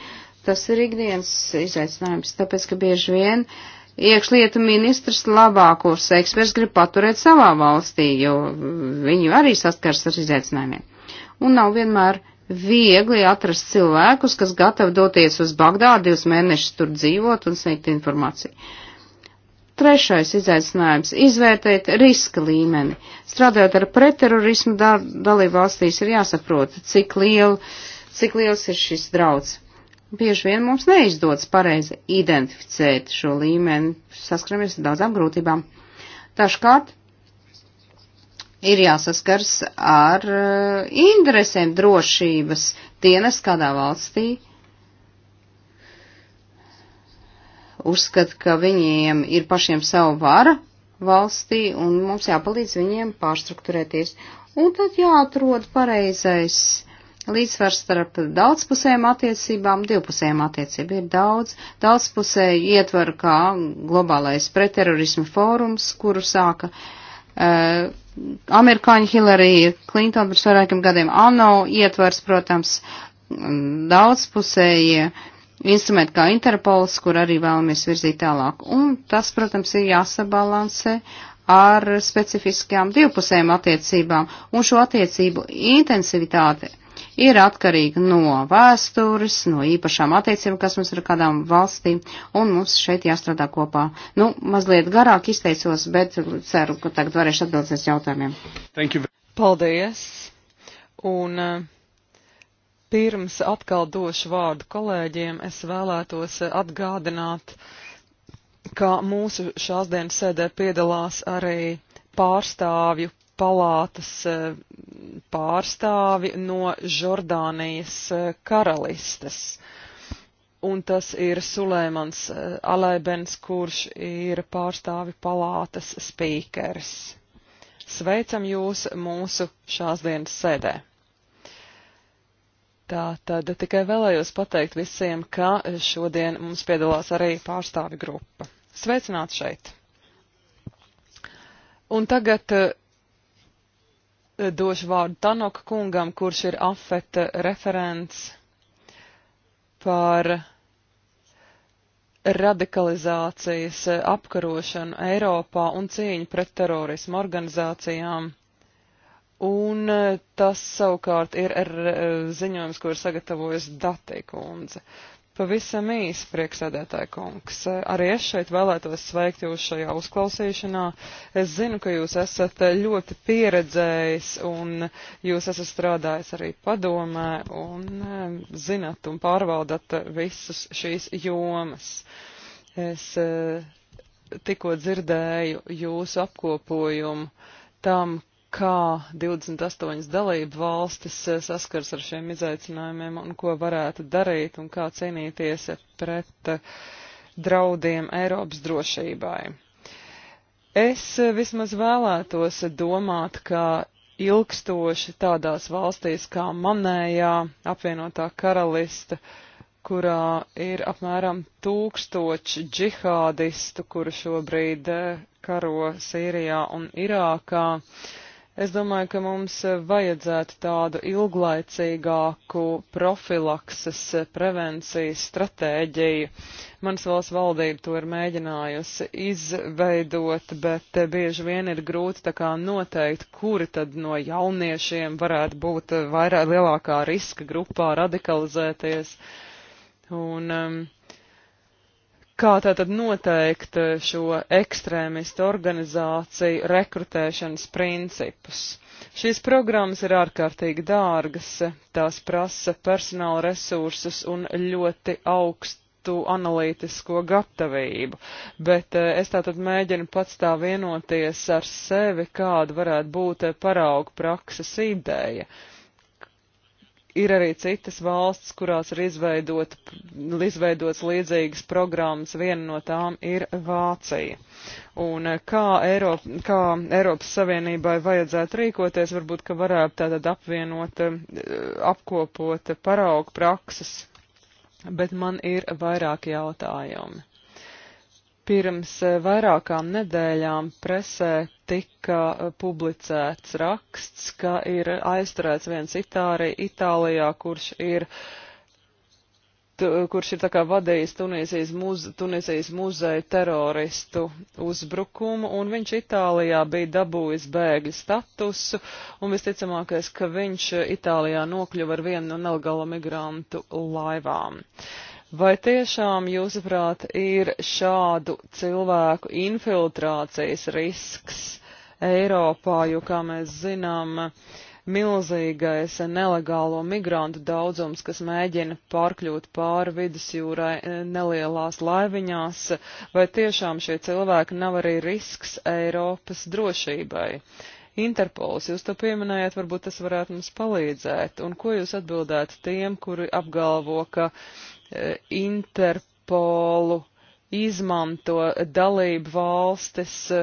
Speaker 1: Tas ir ikdienas izaicinājums, tāpēc, ka bieži vien uh, iekšlietu ministrs labākos eksperts grib paturēt savā valstī, jo viņi arī saskars ar izaicinājumiem. Un nav vienmēr viegli atrast cilvēkus, kas gatavi doties uz Bagdādu, divus mēnešus tur dzīvot un sniegt informāciju. Trešais izaicinājums - izvērtēt riska līmeni. Strādājot ar pretterorismu dalību valstīs ir jāsaprot, cik, lielu, cik liels ir šis drauds. Bieži vien mums neizdodas pareizi identificēt šo līmeni, saskaramies ar daudzām grūtībām. Dažkārt ir jāsaskars ar eh, interesēm drošības dienas kādā valstī. Uzskat, ka viņiem ir pašiem savu vara valstī un mums jāpalīdz viņiem pārstruktūrēties. Un tad jāatrod pareizais līdzsvars starp daudzpusējām attiecībām, divpusējām attiecībām. Ir daudz, daudzpusēji ietver kā globālais pretterorismu fórums, kuru sāka uh, eh, amerikāņu Hillary Clinton pirms vairākiem gadiem. ANO ietvers, protams, daudzpusējie instrumenti kā Interpols, kur arī vēlamies virzīt tālāk. Un tas, protams, ir jāsabalansē ar specifiskajām divpusējām attiecībām, un šo attiecību intensivitāte ir atkarīga no vēstures, no īpašām attiecībām, kas mums ir kādām valstīm, un mums šeit jāstrādā kopā. Nu, mazliet garāk izteicos, bet ceru, ka tagad varēšu atbildēt jautājumiem.
Speaker 2: Paldies! Un eh, pirms atkal došu vārdu kolēģiem, es vēlētos eh, atgādināt, ka mūsu šās dienas sēdē piedalās arī pārstāvju palātas eh, pārstāvi no Jordānijas eh, karalistes. Un tas ir Sulēmans eh, Alaibens, kurš ir pārstāvi palātas spīkeris. Sveicam jūs mūsu šās dienas sēdē. Tā tad tikai vēlējos pateikt visiem, ka šodien mums piedalās arī pārstāvi grupa. Sveicināti šeit! Un tagad došu vārdu Tanoka kungam, kurš ir afeta referents par radikalizācijas apkarošanu Eiropā un cīņu pret terorismu organizācijām. Un tas savukārt ir ar ziņojums, ko ir sagatavojis Datī kundze. Pavisam īsi, prieksēdētāji kungs. Arī es šeit vēlētos sveikt jūs šajā uzklausīšanā. Es zinu, ka jūs esat ļoti pieredzējis un jūs esat strādājis arī padomē un eh, zinat un pārvaldat visas šīs jomas. Es eh, tikko dzirdēju jūsu apkopojumu tam, kā 28 dalību valstis eh, saskars ar šiem izaicinājumiem un ko varētu darīt un kā cīnīties pret eh, draudiem Eiropas drošībai. Es eh, vismaz vēlētos domāt, ka ilgstoši tādās valstīs kā manējā apvienotā karalista, kurā ir apmēram tūkstoši džihādistu, kuru šobrīd karo Sīrijā un Irākā, uh, Es domāju, ka mums eh, vajadzētu tādu ilglaicīgāku profilakses eh, prevencijas stratēģiju. Mans valsts valdība to ir mēģinājusi izveidot, bet eh, bieži vien ir grūti tā kā noteikt, kuri tad no jauniešiem varētu būt vairāk lielākā riska grupā radikalizēties. Un, um, kā tātad noteikt eh, šo ekstrēmistu organizāciju rekrutēšanas principus. Šīs programmas ir ārkārtīgi dārgas, tās prasa personāla resursus un ļoti augstu analītisko gatavību, bet eh, es tātad mēģinu pats tā vienoties ar sevi, kāda varētu būt eh, paraugu prakses ideja. Uh, ir arī citas valsts, kurās ir izveidot, izveidots līdzīgas programmas, viena no tām ir Vācija. Un kā, Eiropa, kā Eiropas Savienībai vajadzētu rīkoties, varbūt, ka varētu tātad apvienot, apkopot paraugu prakses, bet man ir vairāk jautājumi. Pirms eh, vairākām nedēļām presē tika eh, publicēts raksts, ka ir aizturēts viens Itāri, Itālijā, kurš ir, tu, kurš ir tā kā vadījis Tunīzijas, muze, Tunīzijas muzeja teroristu uzbrukumu, un viņš Itālijā bija dabūjis bēgļu statusu, un visticamākais, ka viņš Itālijā nokļuva ar vienu no nelegālo migrantu laivām. Uh, Vai tiešām, jūsuprāt, ir šādu cilvēku infiltrācijas risks Eiropā, jo, kā mēs zinām, milzīgais nelegālo migrantu daudzums, kas mēģina pārkļūt pāri vidusjūrai e, nelielās laiviņās, vai tiešām šie cilvēki nav arī risks Eiropas drošībai? Interpols, jūs to pieminējat, varbūt tas varētu mums palīdzēt. Un ko jūs atbildētu tiem, kuri apgalvo, ka E, Interpolu izmanto dalību valstis, e,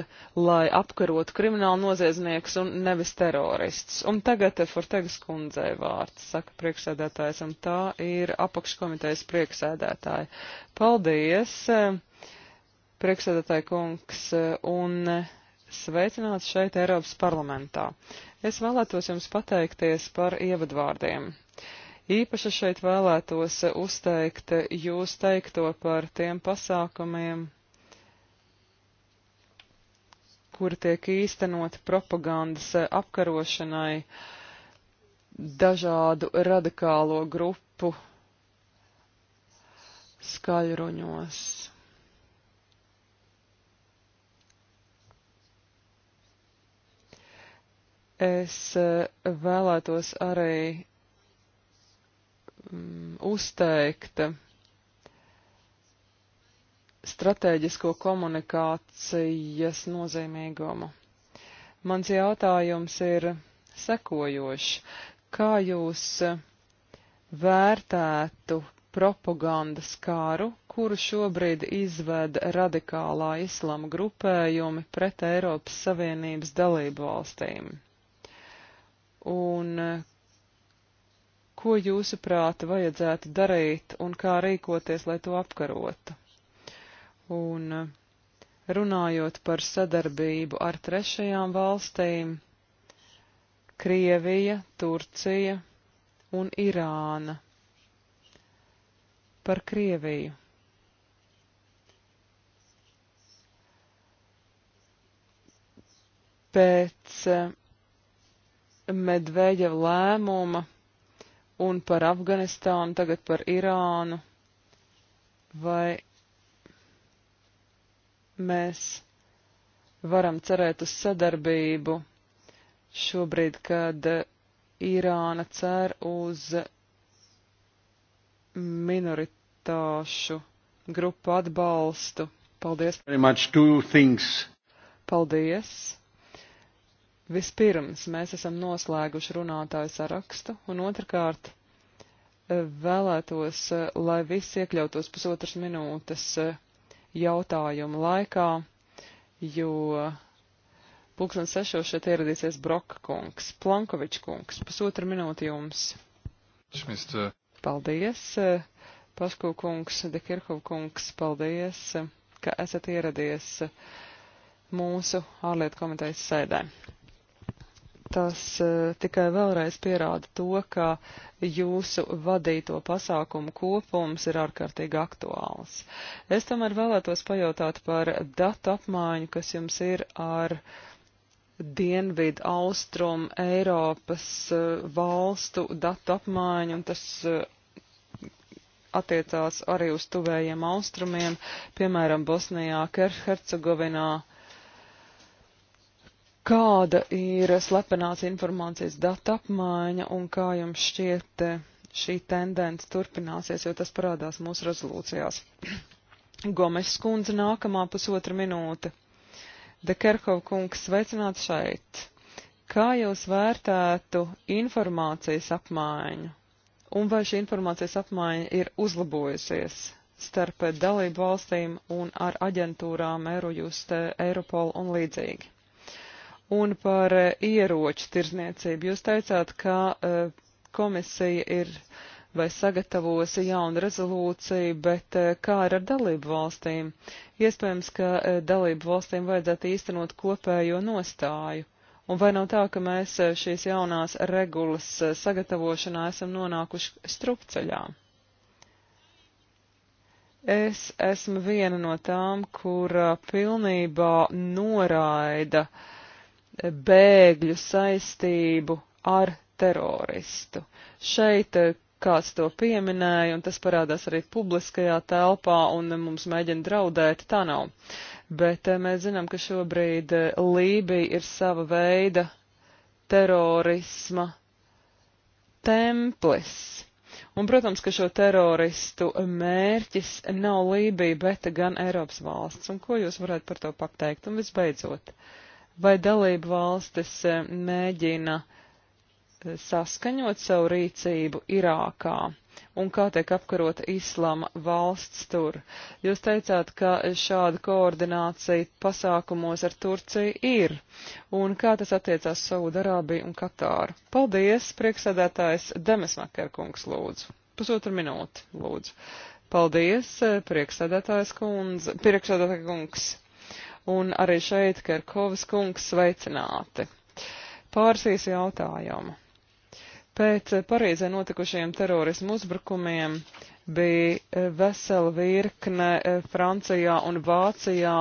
Speaker 2: lai apkarotu kriminālu noziedzniekus un nevis teroristus. Un tagad Fortegas kundzei vārds, saka priekšsēdētājs, un tā ir apakškomitejas priekšsēdētāja. Paldies, e, priekšsēdētāja kungs, un sveicināts šeit Eiropas parlamentā. Es vēlētos jums pateikties par ievadvārdiem. Īpaši šeit vēlētos eh, uzteikt eh, jūs teikto par tiem pasākumiem, kuri tiek īstenoti propagandas eh, apkarošanai dažādu radikālo grupu skaļruņos. Es vēlētos arī Mm, uzteikt stratēģisko komunikācijas nozīmīgumu. Mans jautājums ir sekojošs. Kā jūs vērtētu propagandas kāru, kuru šobrīd izveda radikālā islama grupējumi pret Eiropas Savienības dalību valstīm? Un Ko jūsuprāt vajadzētu darīt un kā rīkoties, lai to apkarotu? Un runājot par sadarbību ar trešajām valstīm, Krievija, Turcija un Irāna. Par Krieviju. Pēc eh, Medveģa lēmuma un par Afganistānu, tagad par Irānu, vai mēs varam cerēt uz sadarbību šobrīd, kad Irāna cer uz minoritāšu grupu atbalstu. Paldies! Paldies! Vispirms mēs esam noslēguši runātāju sarakstu, un otrkārt eh, vēlētos, eh, lai viss iekļautos pusotras minūtes eh, jautājumu laikā, jo Pūkstens sešos šeit ieradīsies Broka kungs, Plankovičs kungs, pusotra minūte jums. Šmista. Paldies, Pasku kungs, Dekirhov kungs, paldies, ka esat ieradies mūsu ārlietu komitejas sēdē tas eh, tikai vēlreiz pierāda to, ka jūsu vadīto pasākumu kopums ir ārkārtīgi aktuāls. Es tomēr vēlētos pajautāt par datu apmaiņu, kas jums ir ar Dienvidu Austrum Eiropas eh, valstu datu apmaiņu, un tas eh, attiecās arī uz tuvējiem austrumiem, piemēram, Bosnijā, Hercegovinā. -Her kāda ir slepenās informācijas data apmaiņa un kā jums šķiet šī tendence turpināsies, jo tas parādās mūsu rezolūcijās. Gomes skundze nākamā pusotra minūte. De Kerhov kungs sveicināts šeit. Kā jūs vērtētu informācijas apmaiņu? Un vai šī informācijas apmaiņa ir uzlabojusies starp dalību valstīm un ar aģentūrām Eurojust, Europol un līdzīgi? Un par eh, ieroču tirzniecību. Jūs teicāt, ka eh, komisija ir vai sagatavos jaunu rezolūciju, bet eh, kā ir ar dalību valstīm? Iespējams, ka dalību valstīm vajadzētu īstenot kopējo nostāju. Un vai nav tā, ka mēs šīs jaunās regulas sagatavošanā esam nonākuši strupceļā? Es esmu viena no tām, kura pilnībā noraida uh, bēgļu saistību ar teroristu. Šeit eh, kāds to pieminēja, un tas parādās arī publiskajā telpā, un mums mēģina draudēt, tā nav. Bet eh, mēs zinām, ka šobrīd eh, Lībija ir sava veida terorisma templis. Un, protams, ka šo teroristu mērķis nav Lībija, bet gan Eiropas valsts. Un ko jūs varētu par to pateikt? Un visbeidzot. Uh, vai dalību valstis e, mēģina e, saskaņot savu rīcību Irākā un kā tiek apkarota islama valsts tur. Jūs teicāt, ka šāda koordinācija pasākumos ar Turciju ir, un kā tas attiecās Saudarābiju un Katāru. Paldies, prieksēdētājs Demesmakerkungs, lūdzu. Pusotru minūti, lūdzu. Paldies, e, prieksēdētājs kundze, prieksēdētājs kungs un arī šeit Kerkovas kungs sveicināti. Pārsīs jautājumu. Pēc eh, Parīzē notikušajiem terorismu uzbrukumiem bija eh, vesela virkne eh, Francijā un Vācijā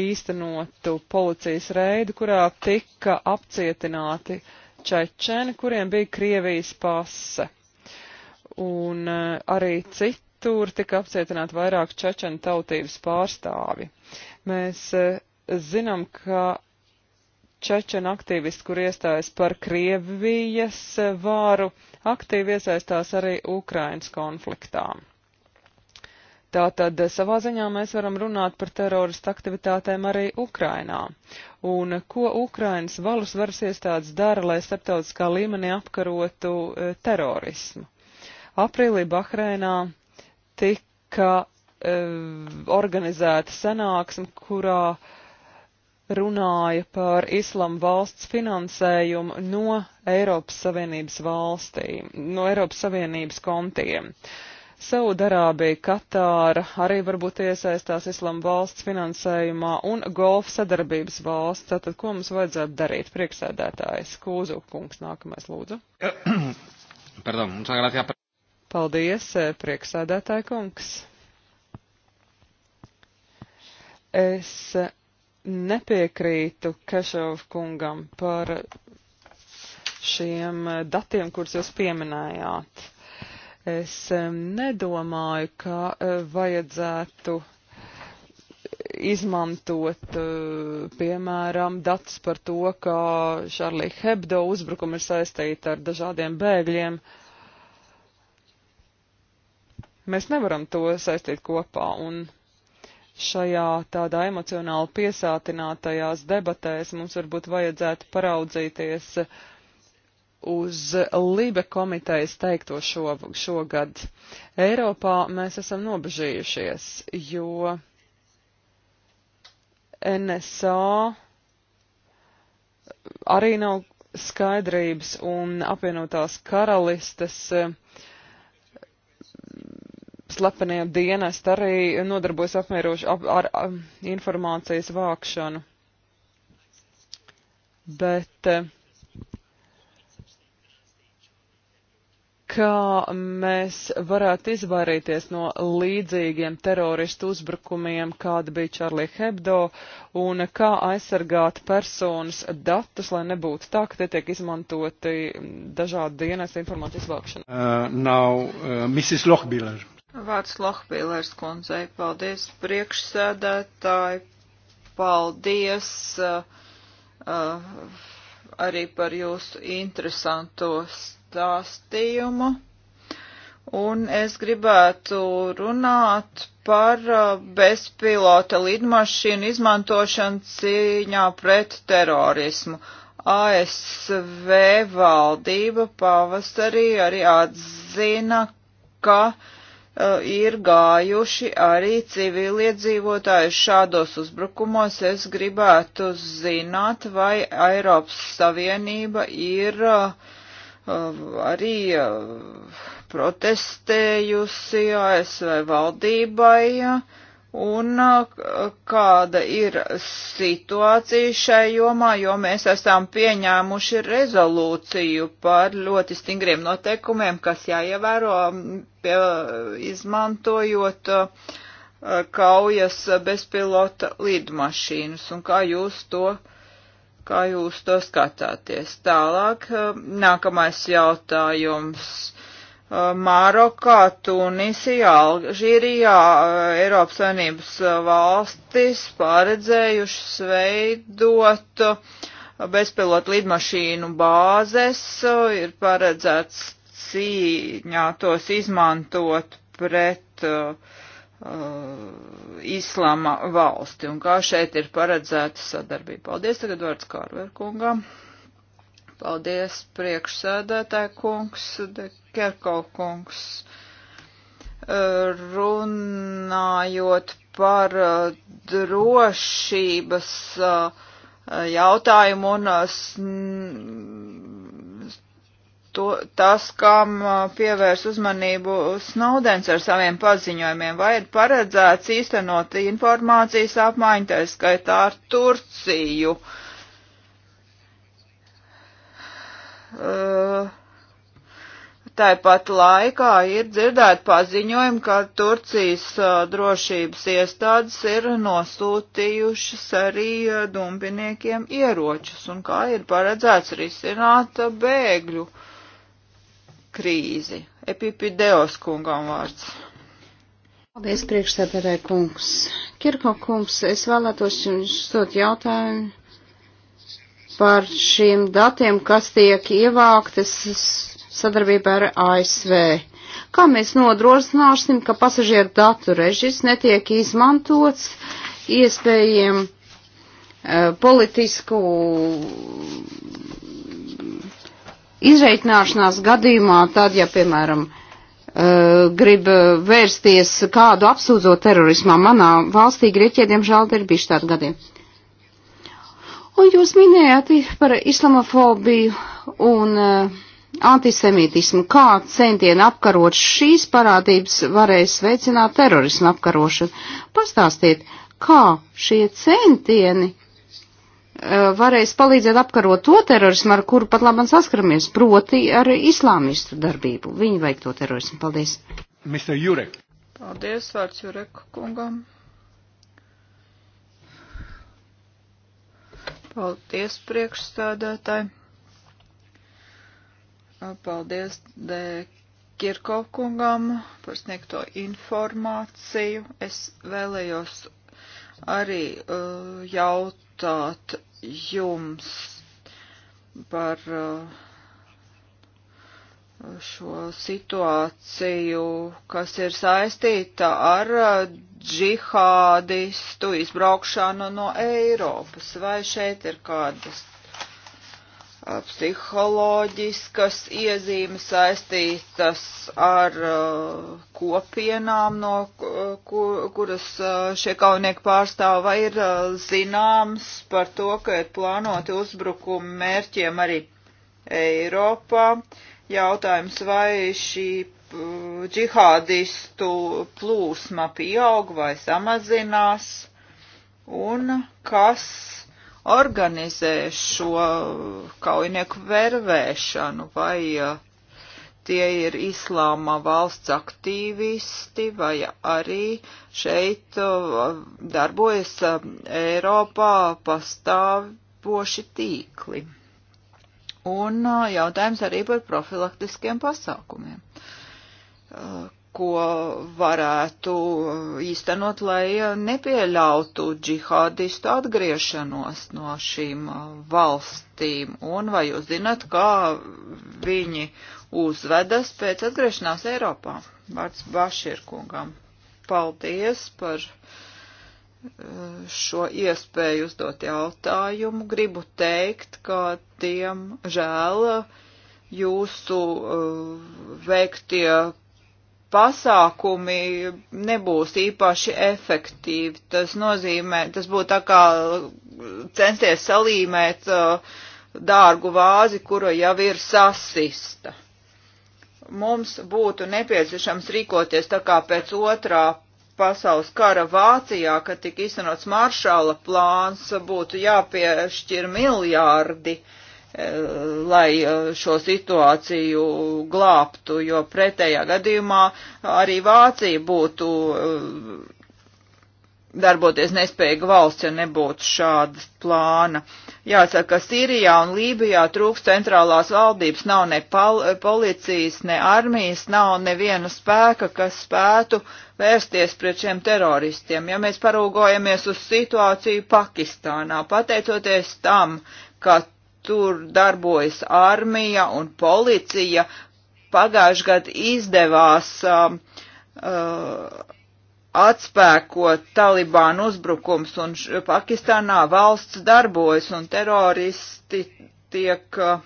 Speaker 2: īstenotu policijas reidu, kurā tika apcietināti čečeni, kuriem bija Krievijas pase. Un arī citur tika apcietināti vairāk čečenu tautības pārstāvi. Mēs zinām, ka čečena aktīvisti, kur iestājas par Krievijas vāru, aktīvi iesaistās arī Ukrainas konfliktā. Tātad savā ziņā mēs varam runāt par teroristu aktivitātēm arī Ukrainā. Un ko Ukrainas valus varas iestādes dara, lai starptautiskā līmenī apkarotu e, terorismu? Aprīlī Bahreinā tika e, organizēta sanāksme, kurā e, runāja par islamu valsts finansējumu no Eiropas Savienības valstīm, no Eiropas Savienības kontiem. Saudarābija, Katāra arī varbūt iesaistās islamu valsts finansējumā un golfa sadarbības valsts. Tātad, ko mums vajadzētu darīt? Prieksēdētājs Kūzu kungs nākamais lūdzu. Pardon, Paldies, prieksēdētāja kungs. Es nepiekrītu Kešov kungam par šiem eh, datiem, kurus jūs pieminējāt. Es eh, nedomāju, ka eh, vajadzētu izmantot, piemēram, datus par to, ka Šarlija Hebdo uzbrukumi ir saistīti ar dažādiem bēgļiem. Mēs nevaram to saistīt kopā, un šajā tādā emocionāli piesātinātajās debatēs mums varbūt vajadzētu paraudzīties uz Libe komitejas teikto šo, šogad. Eiropā mēs esam nobežījušies, jo NSA arī nav skaidrības un apvienotās karalistes uh, slepenie dienesti arī nodarbojas apmieroši ap, ar, ar informācijas vākšanu. Bet eh, kā mēs varētu izvairīties no līdzīgiem teroristu uzbrukumiem, kāda bija Čārlija Hebdo, un kā aizsargāt personas datus, lai nebūtu tā, ka tie tiek izmantoti dažādi dienas informācijas vākšana.
Speaker 1: Uh, now, uh, Mrs. Lochbiller.
Speaker 3: Vārds Lohpīlērs kundzei. Paldies priekšsēdētāji. Paldies uh, uh, arī par jūsu interesanto stāstījumu. Un es gribētu runāt par uh, bezpilota lidmašīnu izmantošanu cīņā pret terorismu. ASV valdība pavasarī arī atzina, ka uh, Uh, ir gājuši arī civiliedzīvotāji šādos uzbrukumos. Es gribētu zināt, vai Eiropas Savienība ir uh, uh, arī protestējusi ASV valdībai un uh, kāda ir situācija šai jomā, jo mēs esam pieņēmuši rezolūciju par ļoti stingriem noteikumiem, kas jāievēro um, pie, izmantojot uh, kaujas bezpilota lidmašīnas, un kā jūs to, kā jūs to skatāties. Tālāk, uh, nākamais jautājums Uh, Marokā, Tunisijā, Alžīrijā uh, Eiropas Savienības uh, valstis paredzējušas veidot bezpilotu lidmašīnu bāzes, ir paredzēts cīņā tos izmantot pret uh, islama valsti un kā šeit ir paredzēta sadarbība. Paldies tagad vārds Kārverkungam. Paldies priekšsēdētāju kungs. De Kerkaukungs, eh, runājot par eh, drošības eh, jautājumu un to, tas, kam pievērs uzmanību Snowdens ar saviem paziņojumiem, vai ir paredzēts īstenot informācijas apmaiņu, tā skaitā ar Turciju. Uh, Tāpat laikā ir dzirdēt paziņojumi, ka Turcijas drošības iestādes ir nosūtījušas arī dumpiniekiem ieročus un kā ir paredzēts risināt bēgļu krīzi. Epipideos kungam vārds.
Speaker 1: Paldies, priekšsēdētāji kungs. Kirko kungs, es vēlētos jums stot jautājumu par šiem datiem, kas tiek ievāktas sadarbībā ar ASV. Kā mēs nodrošināsim, ka pasažieru datu režis netiek izmantots iespējiem uh, politisku izreikināšanās gadījumā, tad, ja, piemēram, uh, grib vērsties kādu apsūdzot terorismā, manā valstī Grieķija, diemžēl, ir bijuši tādi gadījumi. Un jūs minējāt par islamofobiju un uh, antisemītismu, kā centieni apkarot šīs parādības varēs veicināt terorismu apkarošanu. Pastāstiet, kā šie centieni uh, varēs palīdzēt apkarot to terorismu, ar kuru pat labam saskaramies, proti ar islāmistu darbību. Viņi vajag to terorismu. Paldies. Mr. Jurek.
Speaker 3: Paldies, vārds Jurek kungam. Paldies, priekšstādātāji. Paldies D. Kirkokungam par sniegto informāciju. Es vēlējos arī uh, jautāt jums par uh, šo situāciju, kas ir saistīta ar uh, džihādistu izbraukšanu no Eiropas. Vai šeit ir kādas psiholoģiskas iezīmes saistītas ar uh, kopienām, no uh, kur, kuras uh, šie kaunieki pārstāv, vai ir uh, zināms par to, ka ir plānoti uzbrukumi mērķiem arī Eiropā. Jautājums, vai šī uh, džihādistu plūsma pieaug vai samazinās, un kas organizē šo kaujinieku vervēšanu, vai uh, tie ir islāma valsts aktīvisti, vai arī šeit uh, darbojas uh, Eiropā pastāvoši tīkli. Un jautājums arī par profilaktiskiem pasākumiem ko varētu īstenot, lai nepieļautu džihādistu atgriešanos no šīm uh, valstīm. Un vai jūs zinat, kā viņi uzvedas pēc atgriešanās Eiropā? Vārds Baširkungam. Paldies par uh, šo iespēju uzdot jautājumu. Gribu teikt, ka tiem žēl jūsu uh, veiktie pasākumi nebūs īpaši efektīvi. Tas nozīmē, tas būtu tā kā censties salīmēt uh, dārgu vāzi, kura jau ir sasista. Mums būtu nepieciešams rīkoties tā kā pēc otrā pasaules kara Vācijā, kad tika izsanots maršāla plāns, būtu jāpiešķir miljārdi uh, Eh, lai eh, šo situāciju glābtu, jo pretējā gadījumā arī Vācija būtu eh, darboties nespējīga valsts, ja nebūtu šādas plāna. Jāsaka, ka Sīrijā un Lībijā trūks centrālās valdības, nav ne pal, policijas, ne armijas, nav neviena spēka, kas spētu vērsties pret šiem teroristiem. Ja mēs parūgojamies uz situāciju Pakistānā, pateicoties tam, ka tur darbojas armija un policija. Pagājuši gadu izdevās um, uh, atspēkot Talibānu uzbrukums un Pakistānā valsts darbojas un teroristi tiek uh,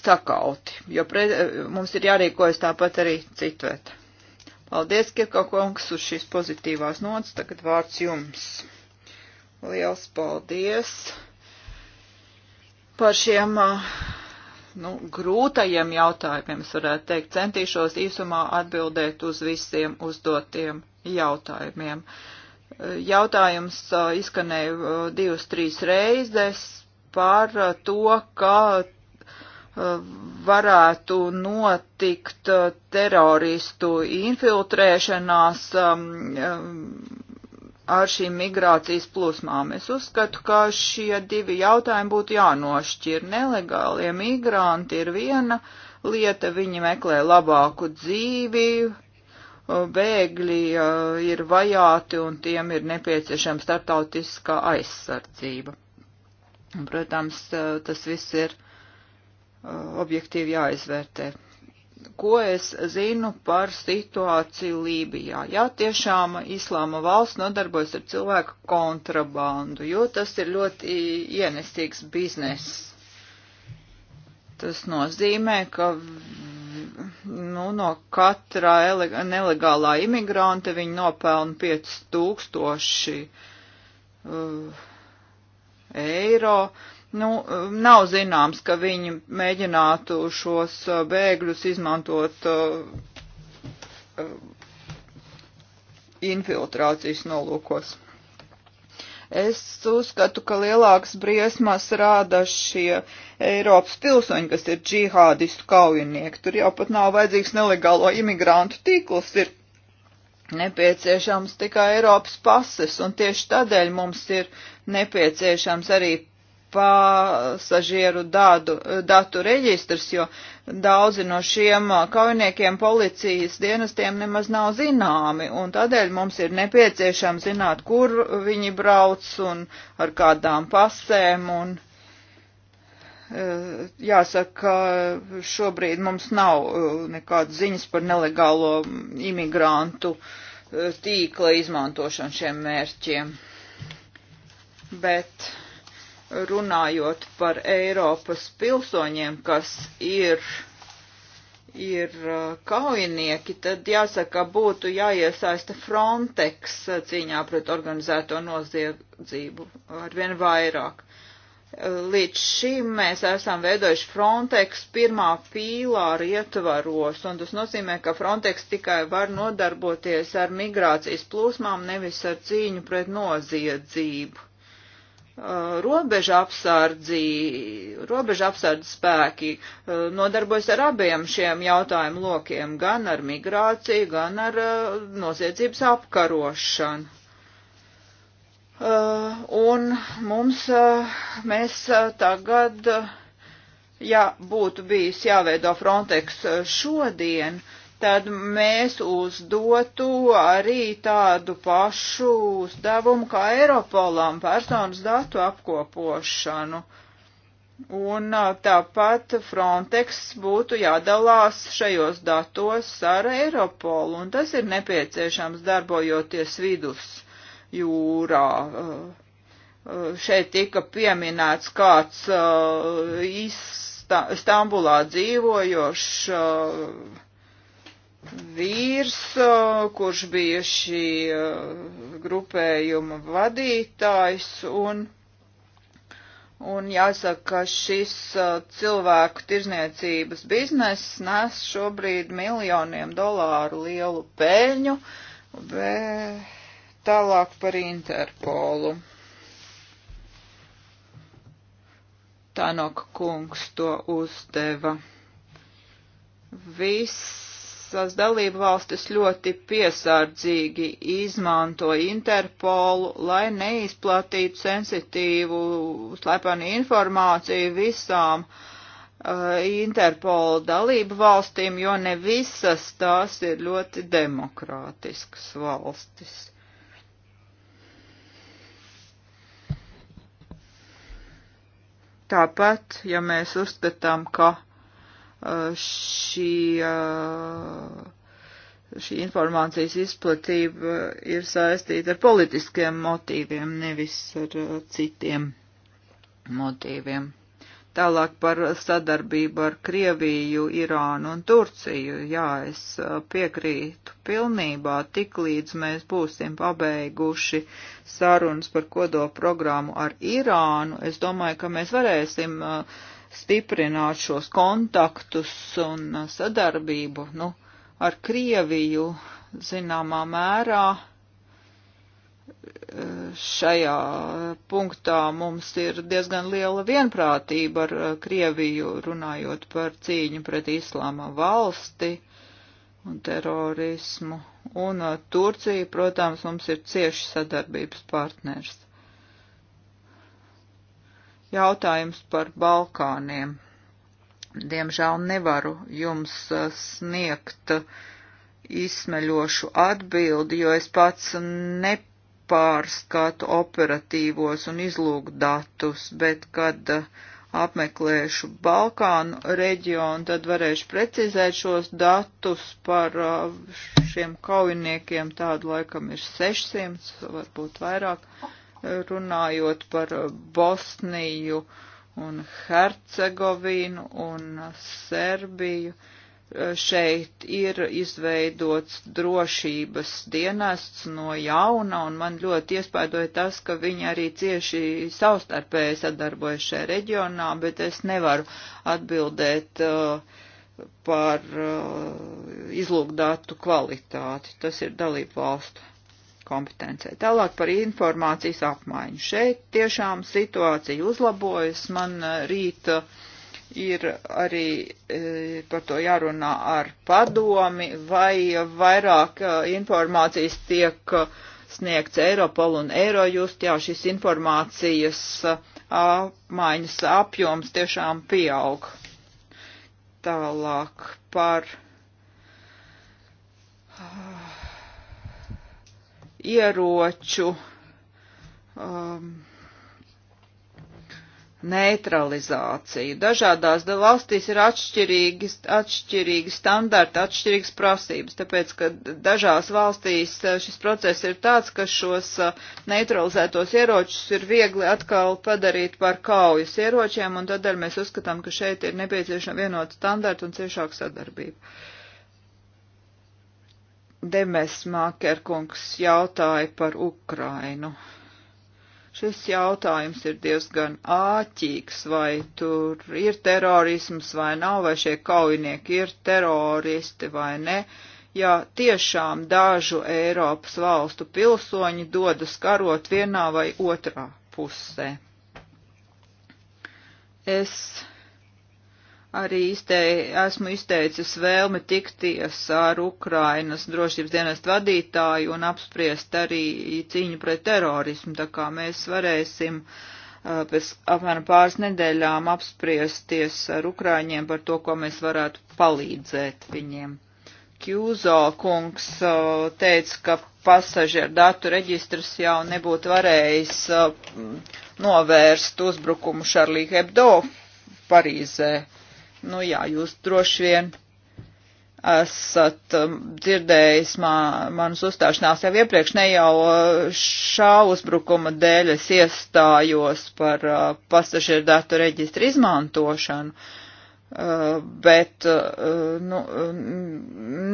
Speaker 3: sakauti, jo pre, mums ir jārīkojas tāpat arī citviet. Paldies, Kirko kungs, uz šīs pozitīvās nots. Tagad vārds jums. Liels paldies! Par šiem uh, nu, grūtajiem jautājumiem, es varētu teikt, centīšos īsumā atbildēt uz visiem uzdotiem jautājumiem. Uh, jautājums uh, izskanēja divas, trīs reizes par to, ka varētu notikt teroristu infiltrēšanās um, um ar šīm migrācijas plūsmām. Es uzskatu, ka šie divi jautājumi būtu jānošķir. Nelegālie migranti ir viena lieta, viņi meklē labāku dzīvi, bēgļi ir vajāti un tiem ir nepieciešama startautiskā aizsardzība. Protams, tas viss ir objektīvi jāizvērtē ko es zinu par situāciju Lībijā. Jā, tiešām Islāma valsts nodarbojas ar cilvēku kontrabandu, jo tas ir ļoti ienesīgs bizness. Tas nozīmē, ka nu, no katrā nelegālā imigranta viņi nopelna 5000 uh, eiro Nu, nav zināms, ka viņi mēģinātu šos uh, bēgļus izmantot uh, uh, infiltrācijas nolūkos. Es uzskatu, ka lielākas briesmas rāda šie Eiropas pilsoņi, kas ir džihādistu kaujinieki. Tur jau pat nav vajadzīgs nelegālo imigrantu tīkls, ir nepieciešams tikai Eiropas pases, un tieši tādēļ mums ir nepieciešams arī pasažieru dādu, datu reģistrs, jo daudzi no šiem kaujiniekiem policijas dienestiem nemaz nav zināmi, un tādēļ mums ir nepieciešams zināt, kur viņi brauc un ar kādām pasēm, un e, jāsaka, šobrīd mums nav e, nekādas ziņas par nelegālo imigrantu e, tīkla izmantošanu šiem mērķiem. Bet runājot par Eiropas pilsoņiem, kas ir, ir uh, kaujinieki, tad jāsaka, būtu jāiesaista Frontex cīņā pret organizēto noziedzību arvien vairāk. Līdz šim mēs esam veidojuši Frontex pirmā pīlāra ietvaros, un tas nozīmē, ka Frontex tikai var nodarboties ar migrācijas plūsmām, nevis ar cīņu pret noziedzību Uh, robeža apsardzi, robeža apsardzi spēki uh, nodarbojas ar abiem šiem jautājumu lokiem, gan ar migrāciju, gan ar uh, noziedzības apkarošanu. Un mums, mēs tagad, ja būtu bijis jāveido Frontex šodien, uh, tad mēs uzdotu arī tādu pašu uzdevumu kā Eiropolam personas datu apkopošanu. Un tāpat Frontex būtu jādalās šajos datos ar Eiropolu, un tas ir nepieciešams darbojoties vidus jūrā. Šeit tika pieminēts kāds Istambulā dzīvojošs vīrs, kurš bija šī grupējuma vadītājs, un, un jāsaka, ka šis cilvēku tirzniecības bizness nes šobrīd miljoniem dolāru lielu peļņu, bet tālāk par Interpolu. Tanok kungs to uzdeva. Viss tās dalību valstis ļoti piesardzīgi izmanto Interpolu, lai neizplatītu sensitīvu slepenu informāciju visām uh, Interpola dalību valstīm, jo ne visas tās ir ļoti demokrātiskas valstis. Tāpat, ja mēs uzskatām, ka šī, šī informācijas izplatība ir saistīta ar politiskiem motīviem, nevis ar citiem motīviem. Tālāk par sadarbību ar Krieviju, Irānu un Turciju. Jā, es piekrītu pilnībā, tik līdz mēs būsim pabeiguši sarunas par kodoprogrammu ar Irānu. Es domāju, ka mēs varēsim uh, stiprināt šos kontaktus un uh, sadarbību nu, ar Krieviju zināmā mērā. Uh, šajā punktā mums ir diezgan liela vienprātība ar uh, Krieviju runājot par cīņu pret islāma valsti un terorismu. Un Turcija, protams, mums ir cieši sadarbības partners. Jautājums par Balkāniem. Diemžēl nevaru jums uh, sniegt izsmeļošu atbildi, jo es pats nepārskatu operatīvos un izlūkdatus, bet kad uh, apmeklēšu Balkānu reģionu, tad varēšu precizēt šos datus par uh, šiem kaujiniekiem. Tādu laikam ir 600, varbūt vairāk. Oh runājot par Bosniju un Hercegovinu un Serbiju. Šeit ir izveidots drošības dienests no jauna, un man ļoti iespaidoja tas, ka viņi arī cieši savstarpēji sadarbojas šajā reģionā, bet es nevaru atbildēt uh, par uh, izlūkdātu kvalitāti. Tas ir dalību valstu kompetencē. Tālāk par informācijas apmaiņu. Šeit tiešām situācija uzlabojas. Man e, rīt e, ir arī e, par to jārunā ar padomi, vai vairāk informācijas tiek sniegts Eiropol un Eirojust. Jā, šis informācijas apmaiņas apjoms tiešām pieaug. Tālāk par. Uh, ieroču um, neutralizāciju. Dažādās valstīs ir atšķirīgi, atšķirīgi standarti, atšķirīgas prasības, tāpēc, ka dažās valstīs uh, šis process ir tāds, ka šos uh, neutralizētos ieročus ir viegli atkal padarīt par kaujas ieročiem, un tādēļ mēs uzskatām, ka šeit ir nepieciešama vienota standarta un ciešāka sadarbība. Demes Mākerkungs jautāja par Ukrainu. Šis jautājums ir diezgan āķīgs, vai tur ir terorisms vai nav, vai šie kaujinieki ir teroristi vai ne. Ja tiešām dažu Eiropas valstu pilsoņi dodas karot vienā vai otrā pusē. Es Arī iztei, esmu izteicis vēlmi tikties ar Ukrainas drošības dienestu vadītāju un apspriest arī cīņu pret terorismu, tā kā mēs varēsim pēc apmēram pāris nedēļām apspriesties ar Ukraiņiem par to, ko mēs varētu palīdzēt viņiem. Kjūzo kungs teica, ka pasažieru datu reģistrs jau nebūtu varējis novērst uzbrukumu Šarlī Hebdo Parīzē. Nu jā, jūs droši vien esat um, dzirdējis mā, manas uzstāšanās jau iepriekš, ne jau uh, šā uzbrukuma dēļ es iestājos par uh, pasažieru datu reģistru izmantošanu, uh, bet nu,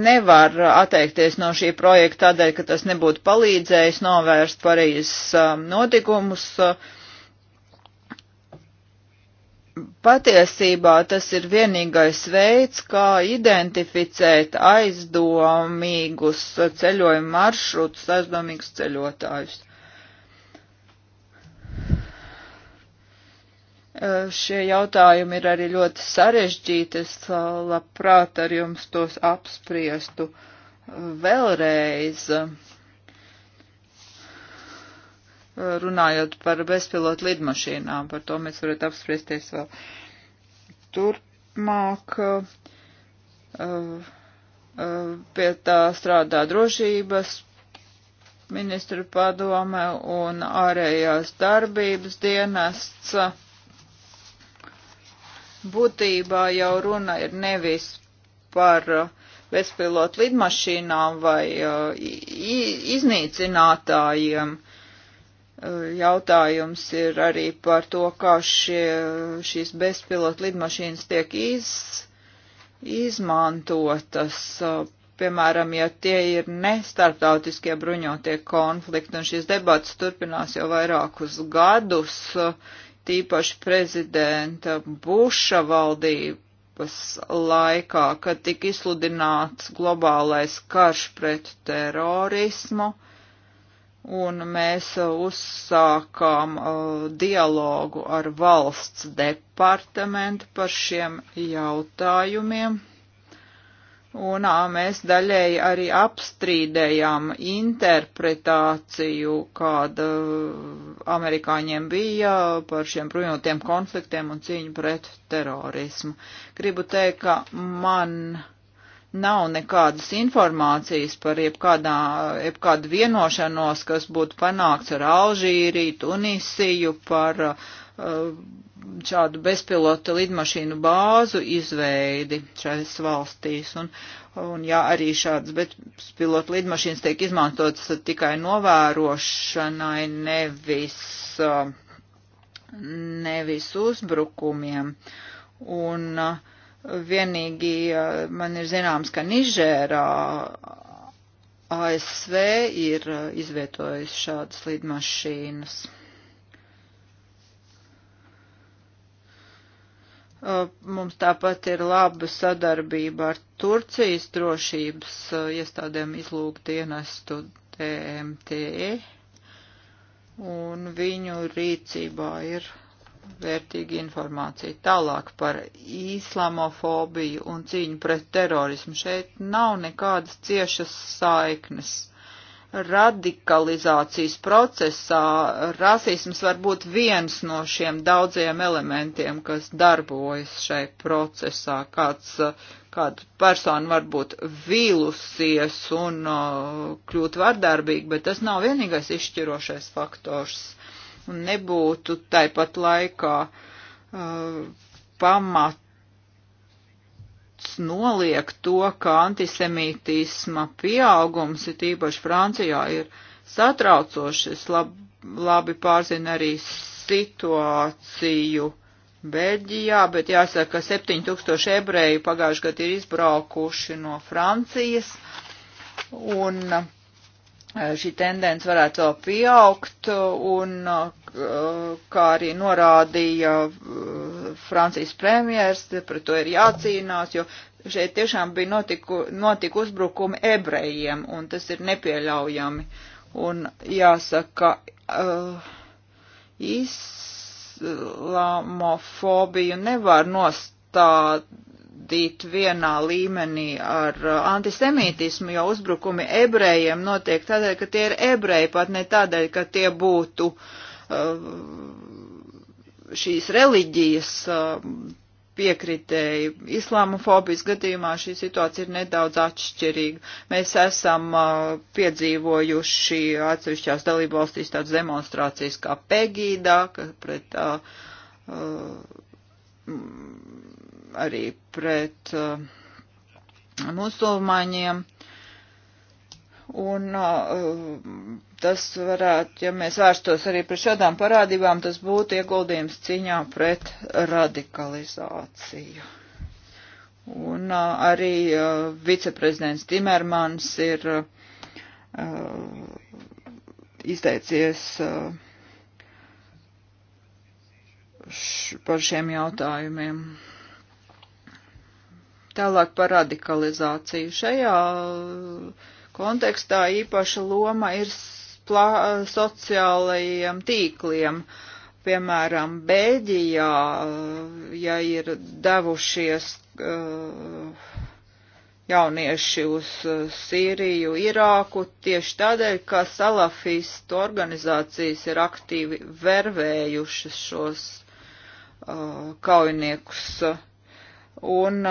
Speaker 3: nevar atteikties no šī projekta tādēļ, ka tas nebūtu palīdzējis novērst Parīzes um, notikumus. Uh, patiesībā tas ir vienīgais veids, kā identificēt aizdomīgus ceļojumu maršrutus, aizdomīgus ceļotājus. Eh, šie jautājumi ir arī ļoti sarežģīti, es eh, labprāt ar jums tos apspriestu eh, vēlreiz. Uh, runājot par bezpilotu lidmašīnām, par to mēs varētu apspriesties vēl turpmāk. Uh, uh, pie tā strādā drošības ministru padome un ārējās darbības dienests. Būtībā jau runa ir nevis par uh, bezpilotu lidmašīnām vai uh, iznīcinātājiem, Jautājums ir arī par to, kā šie, šīs bezpilota lidmašīnas tiek iz, izmantotas. Piemēram, ja tie ir nestartautiskie bruņotie konflikti, un šīs debats turpinās jau vairākus gadus, tīpaši prezidenta Buša valdības laikā, kad tika izsludināts globālais karš pret terorismu. Uh, un mēs uh, uzsākām uh, dialogu ar valsts departamentu par šiem jautājumiem. Un mēs daļēji arī apstrīdējām interpretāciju, kāda amerikāņiem bija par šiem bruņotiem konfliktiem un cīņu pret terorismu. Gribu teikt, ka man nav nekādas informācijas par jebkādā, jebkādu vienošanos, kas būtu panākts ar Alžīriju, Tunisiju par uh, šādu bezpilota lidmašīnu bāzu izveidi šais valstīs. Un, un jā, arī šādas bezpilota lidmašīnas tiek izmantotas tikai novērošanai, nevis, uh, nevis uzbrukumiem. Un, uh, Vienīgi man ir zināms, ka Nižērā ASV ir uh, izvietojis šādas lidmašīnas. Uh, mums tāpat ir laba sadarbība ar Turcijas drošības uh, iestādēm izlūkdienestu TMT, e, un viņu rīcībā ir vērtīga informācija. Tālāk par īslamofobiju un cīņu pret terorismu. Šeit nav nekādas ciešas saiknes. Radikalizācijas procesā rasisms var būt viens no šiem daudziem elementiem, kas darbojas šai procesā. Kāds, kāda persona var būt vīlusies un uh, kļūt vardarbīga, bet tas nav vienīgais izšķirošais faktors un nebūtu tāpat laikā uh, pamats noliek to, ka antisemītisma pieaugums, ir tīpaši Francijā, ir satraucošs. Es lab, labi pārzinu arī situāciju Beļģijā, bet jāsaka, ka 7000 ebreju pagājušajā gadā ir izbraukuši no Francijas. Un uh, šī tendence varētu vēl pieaugt, un kā arī norādīja Francijas premjērs, pret to ir jācīnās, jo šeit tiešām bija notiku, notika uzbrukumi ebrejiem, un tas ir nepieļaujami. Un jāsaka, islāmofobiju nevar nostāt sodīt vienā līmenī ar uh, antisemītismu, jo uzbrukumi ebrejiem notiek tādēļ, ka tie ir ebreji, pat ne tādēļ, ka tie būtu uh, šīs reliģijas uh, piekritēji. Islāmofobijas gadījumā šī situācija ir nedaudz atšķirīga. Mēs esam piedzīvojuši atsevišķās dalību valstīs tādas demonstrācijas kā Pegīdā, pret uh, arī pret uh, musulmaņiem. Un uh, tas varētu, ja mēs vērstos arī pret šādām parādībām, tas būtu ieguldījums cīņā pret radikalizāciju. Un uh, arī uh, viceprezidents Timermans ir uh, izteicies uh, š, par šiem jautājumiem. Tālāk par radikalizāciju. Šajā kontekstā īpaša loma ir sociālajiem tīkliem. Piemēram, Bēģijā, ja ir devušies jaunieši uz Sīriju, Irāku, tieši tādēļ, ka salafistu organizācijas ir aktīvi vervējušas šos kaujiniekus. Uh, un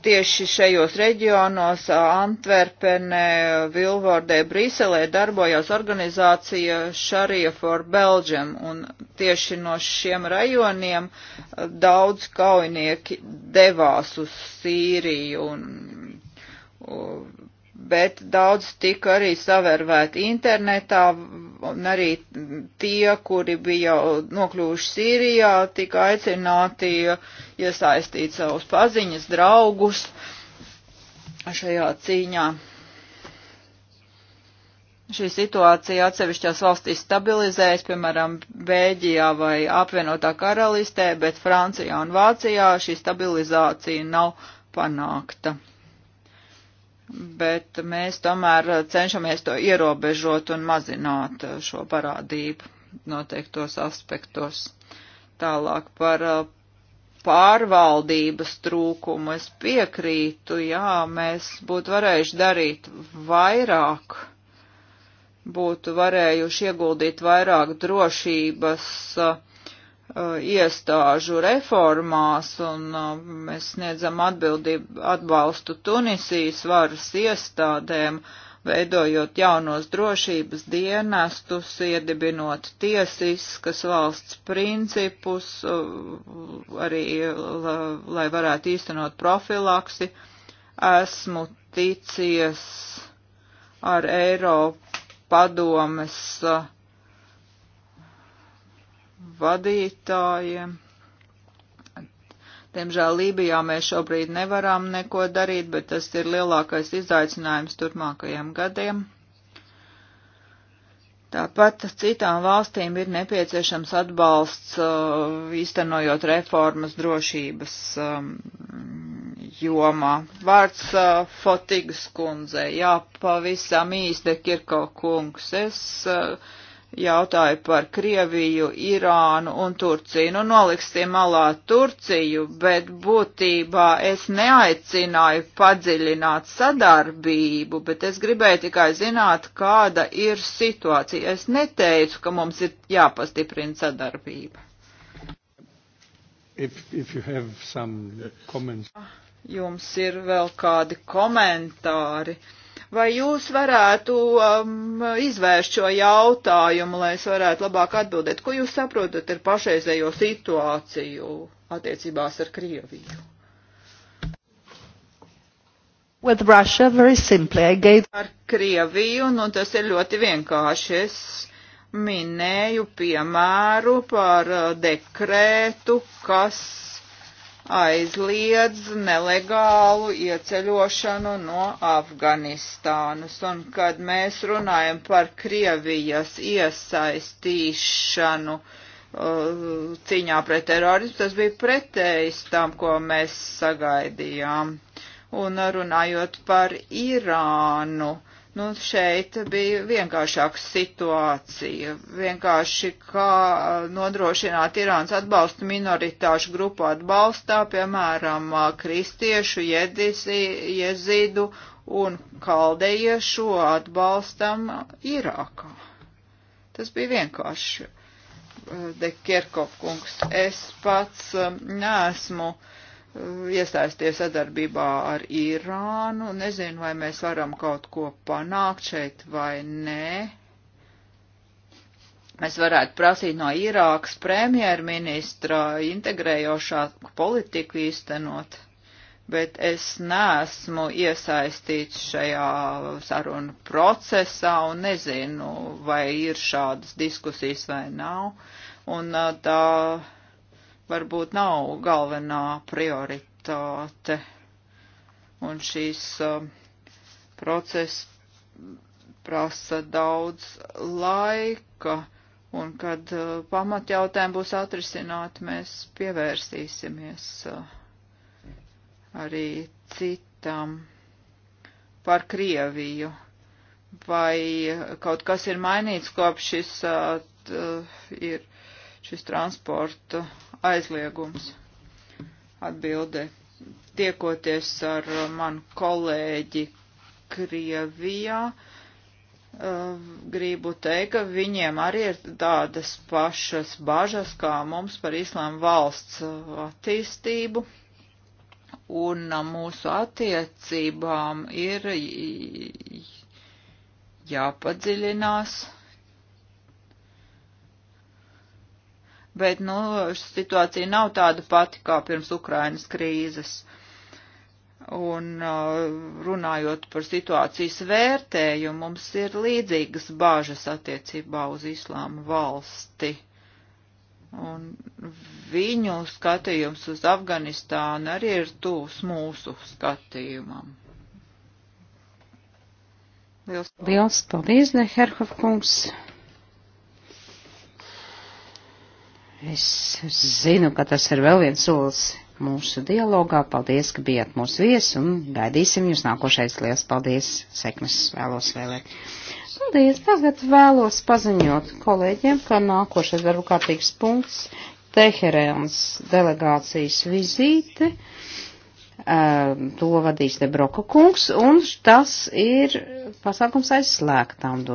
Speaker 3: tieši šajos reģionos, Antverpenē, Vilvordē, Briselē darbojās organizācija Sharia for Belgium, un tieši no šiem rajoniem daudz kaujinieki devās uz Sīriju, un, un bet daudz tika arī savervēti internetā, un arī tie, kuri bija nokļuvuši Sīrijā, tika aicināti iesaistīt savus paziņas, draugus šajā cīņā. Šī situācija atsevišķās valstīs stabilizējas, piemēram, Bēģijā vai apvienotā karalistē, bet Francijā un Vācijā šī stabilizācija nav panākta bet mēs tomēr cenšamies to ierobežot un mazināt šo parādību noteiktos aspektos. Tālāk par uh, pārvaldības trūkumu es piekrītu, jā, mēs būtu varējuši darīt vairāk, būtu varējuši ieguldīt vairāk drošības uh, Uh, iestāžu reformās, un uh, mēs sniedzam atbildību atbalstu Tunisijas varas iestādēm, veidojot jaunos drošības dienestus, iedibinot tiesiskas valsts principus, uh, arī, lai varētu īstenot profilaksi. Esmu ticies ar Eiropa padomes uh, vadītājiem. Diemžēl Lībijā mēs šobrīd nevaram neko darīt, bet tas ir lielākais izaicinājums turpmākajiem gadiem. Tāpat citām valstīm ir nepieciešams atbalsts, uh, īstenojot reformas drošības um, jomā. Vārds uh, Fotigas kundzei, jā, pavisam īsti, Kirko kungs, es uh, jautāja par Krieviju, Irānu un Turciju. Nu, noliksim malā Turciju, bet būtībā es neaicināju padziļināt sadarbību, bet es gribēju tikai zināt, kāda ir situācija. Es neteicu, ka mums ir jāpastiprina sadarbība.
Speaker 1: If, if you have some comments.
Speaker 3: Jums ir vēl kādi komentāri? Uh, Vai jūs varētu um, izvērst šo jautājumu, lai es varētu labāk atbildēt? Ko jūs saprotat ar pašreizējo situāciju attiecībās ar Krieviju?
Speaker 1: With Russia, very simply, I gave... Ar
Speaker 3: Krieviju, nu tas ir ļoti vienkārši. Es minēju piemēru par uh, dekrētu, kas aizliedz nelegālu ieceļošanu no Afganistānas. Un kad mēs runājam par Krievijas iesaistīšanu uh, cīņā pret terorismu, tas bija pretējs tam, ko mēs sagaidījām. Un runājot par Irānu, Nu, šeit bija vienkāršāka situācija. Vienkārši kā uh, nodrošināt Irānas atbalstu minoritāšu grupu atbalstā, piemēram, uh, kristiešu, jedisi, jezīdu un kaldējiešu atbalstam Irākā. Tas bija vienkārši. Uh, De Kirkopkungs, es pats um, neesmu. Um, Um, iesaisties sadarbībā ar Irānu. Nezinu, vai mēs varam kaut ko panākt šeit vai nē. Mēs varētu prasīt no Irākas premjerministra integrējošāku politiku īstenot, bet es neesmu iesaistīts šajā sarunu procesā un nezinu, vai ir šādas diskusijas vai nav. Un uh, tā. Uh, varbūt nav galvenā prioritāte. Un šīs uh, um, process prasa daudz laika, un kad uh, pamatjautājumi būs atrisināti, mēs pievērsīsimies uh, arī citam par Krieviju. Vai kaut kas ir mainīts kopš šis uh, uh ir šis transporta aizliegums. Atbilde. Tiekoties ar uh, manu kolēģi Krievijā, uh, gribu teikt, ka viņiem arī ir tādas pašas bažas kā mums par islāma valsts uh, attīstību un mūsu attiecībām ir jāpadziļinās. Ja bet, nu, situācija nav tāda pati kā pirms Ukrainas krīzes. Un uh, runājot par situācijas vērtējumu, mums ir līdzīgas bāžas attiecībā uz islāma valsti. Un viņu skatījums uz Afganistānu arī ir tūs mūsu skatījumam.
Speaker 1: Liels paldies, Neherhof kungs! Es zinu, ka tas ir vēl viens solis mūsu dialogā. Paldies, ka bijāt mūsu viesi un gaidīsim jūs nākošais. Lielas paldies! Sekmes vēlos vēlēt! Paldies! Tagad vēlos paziņot kolēģiem, ka nākošais darba kārtīgs punkts - Teherēns delegācijas vizīte. Ehm, to vadīs Debroka kungs, un tas ir pasākums aizslēgtām.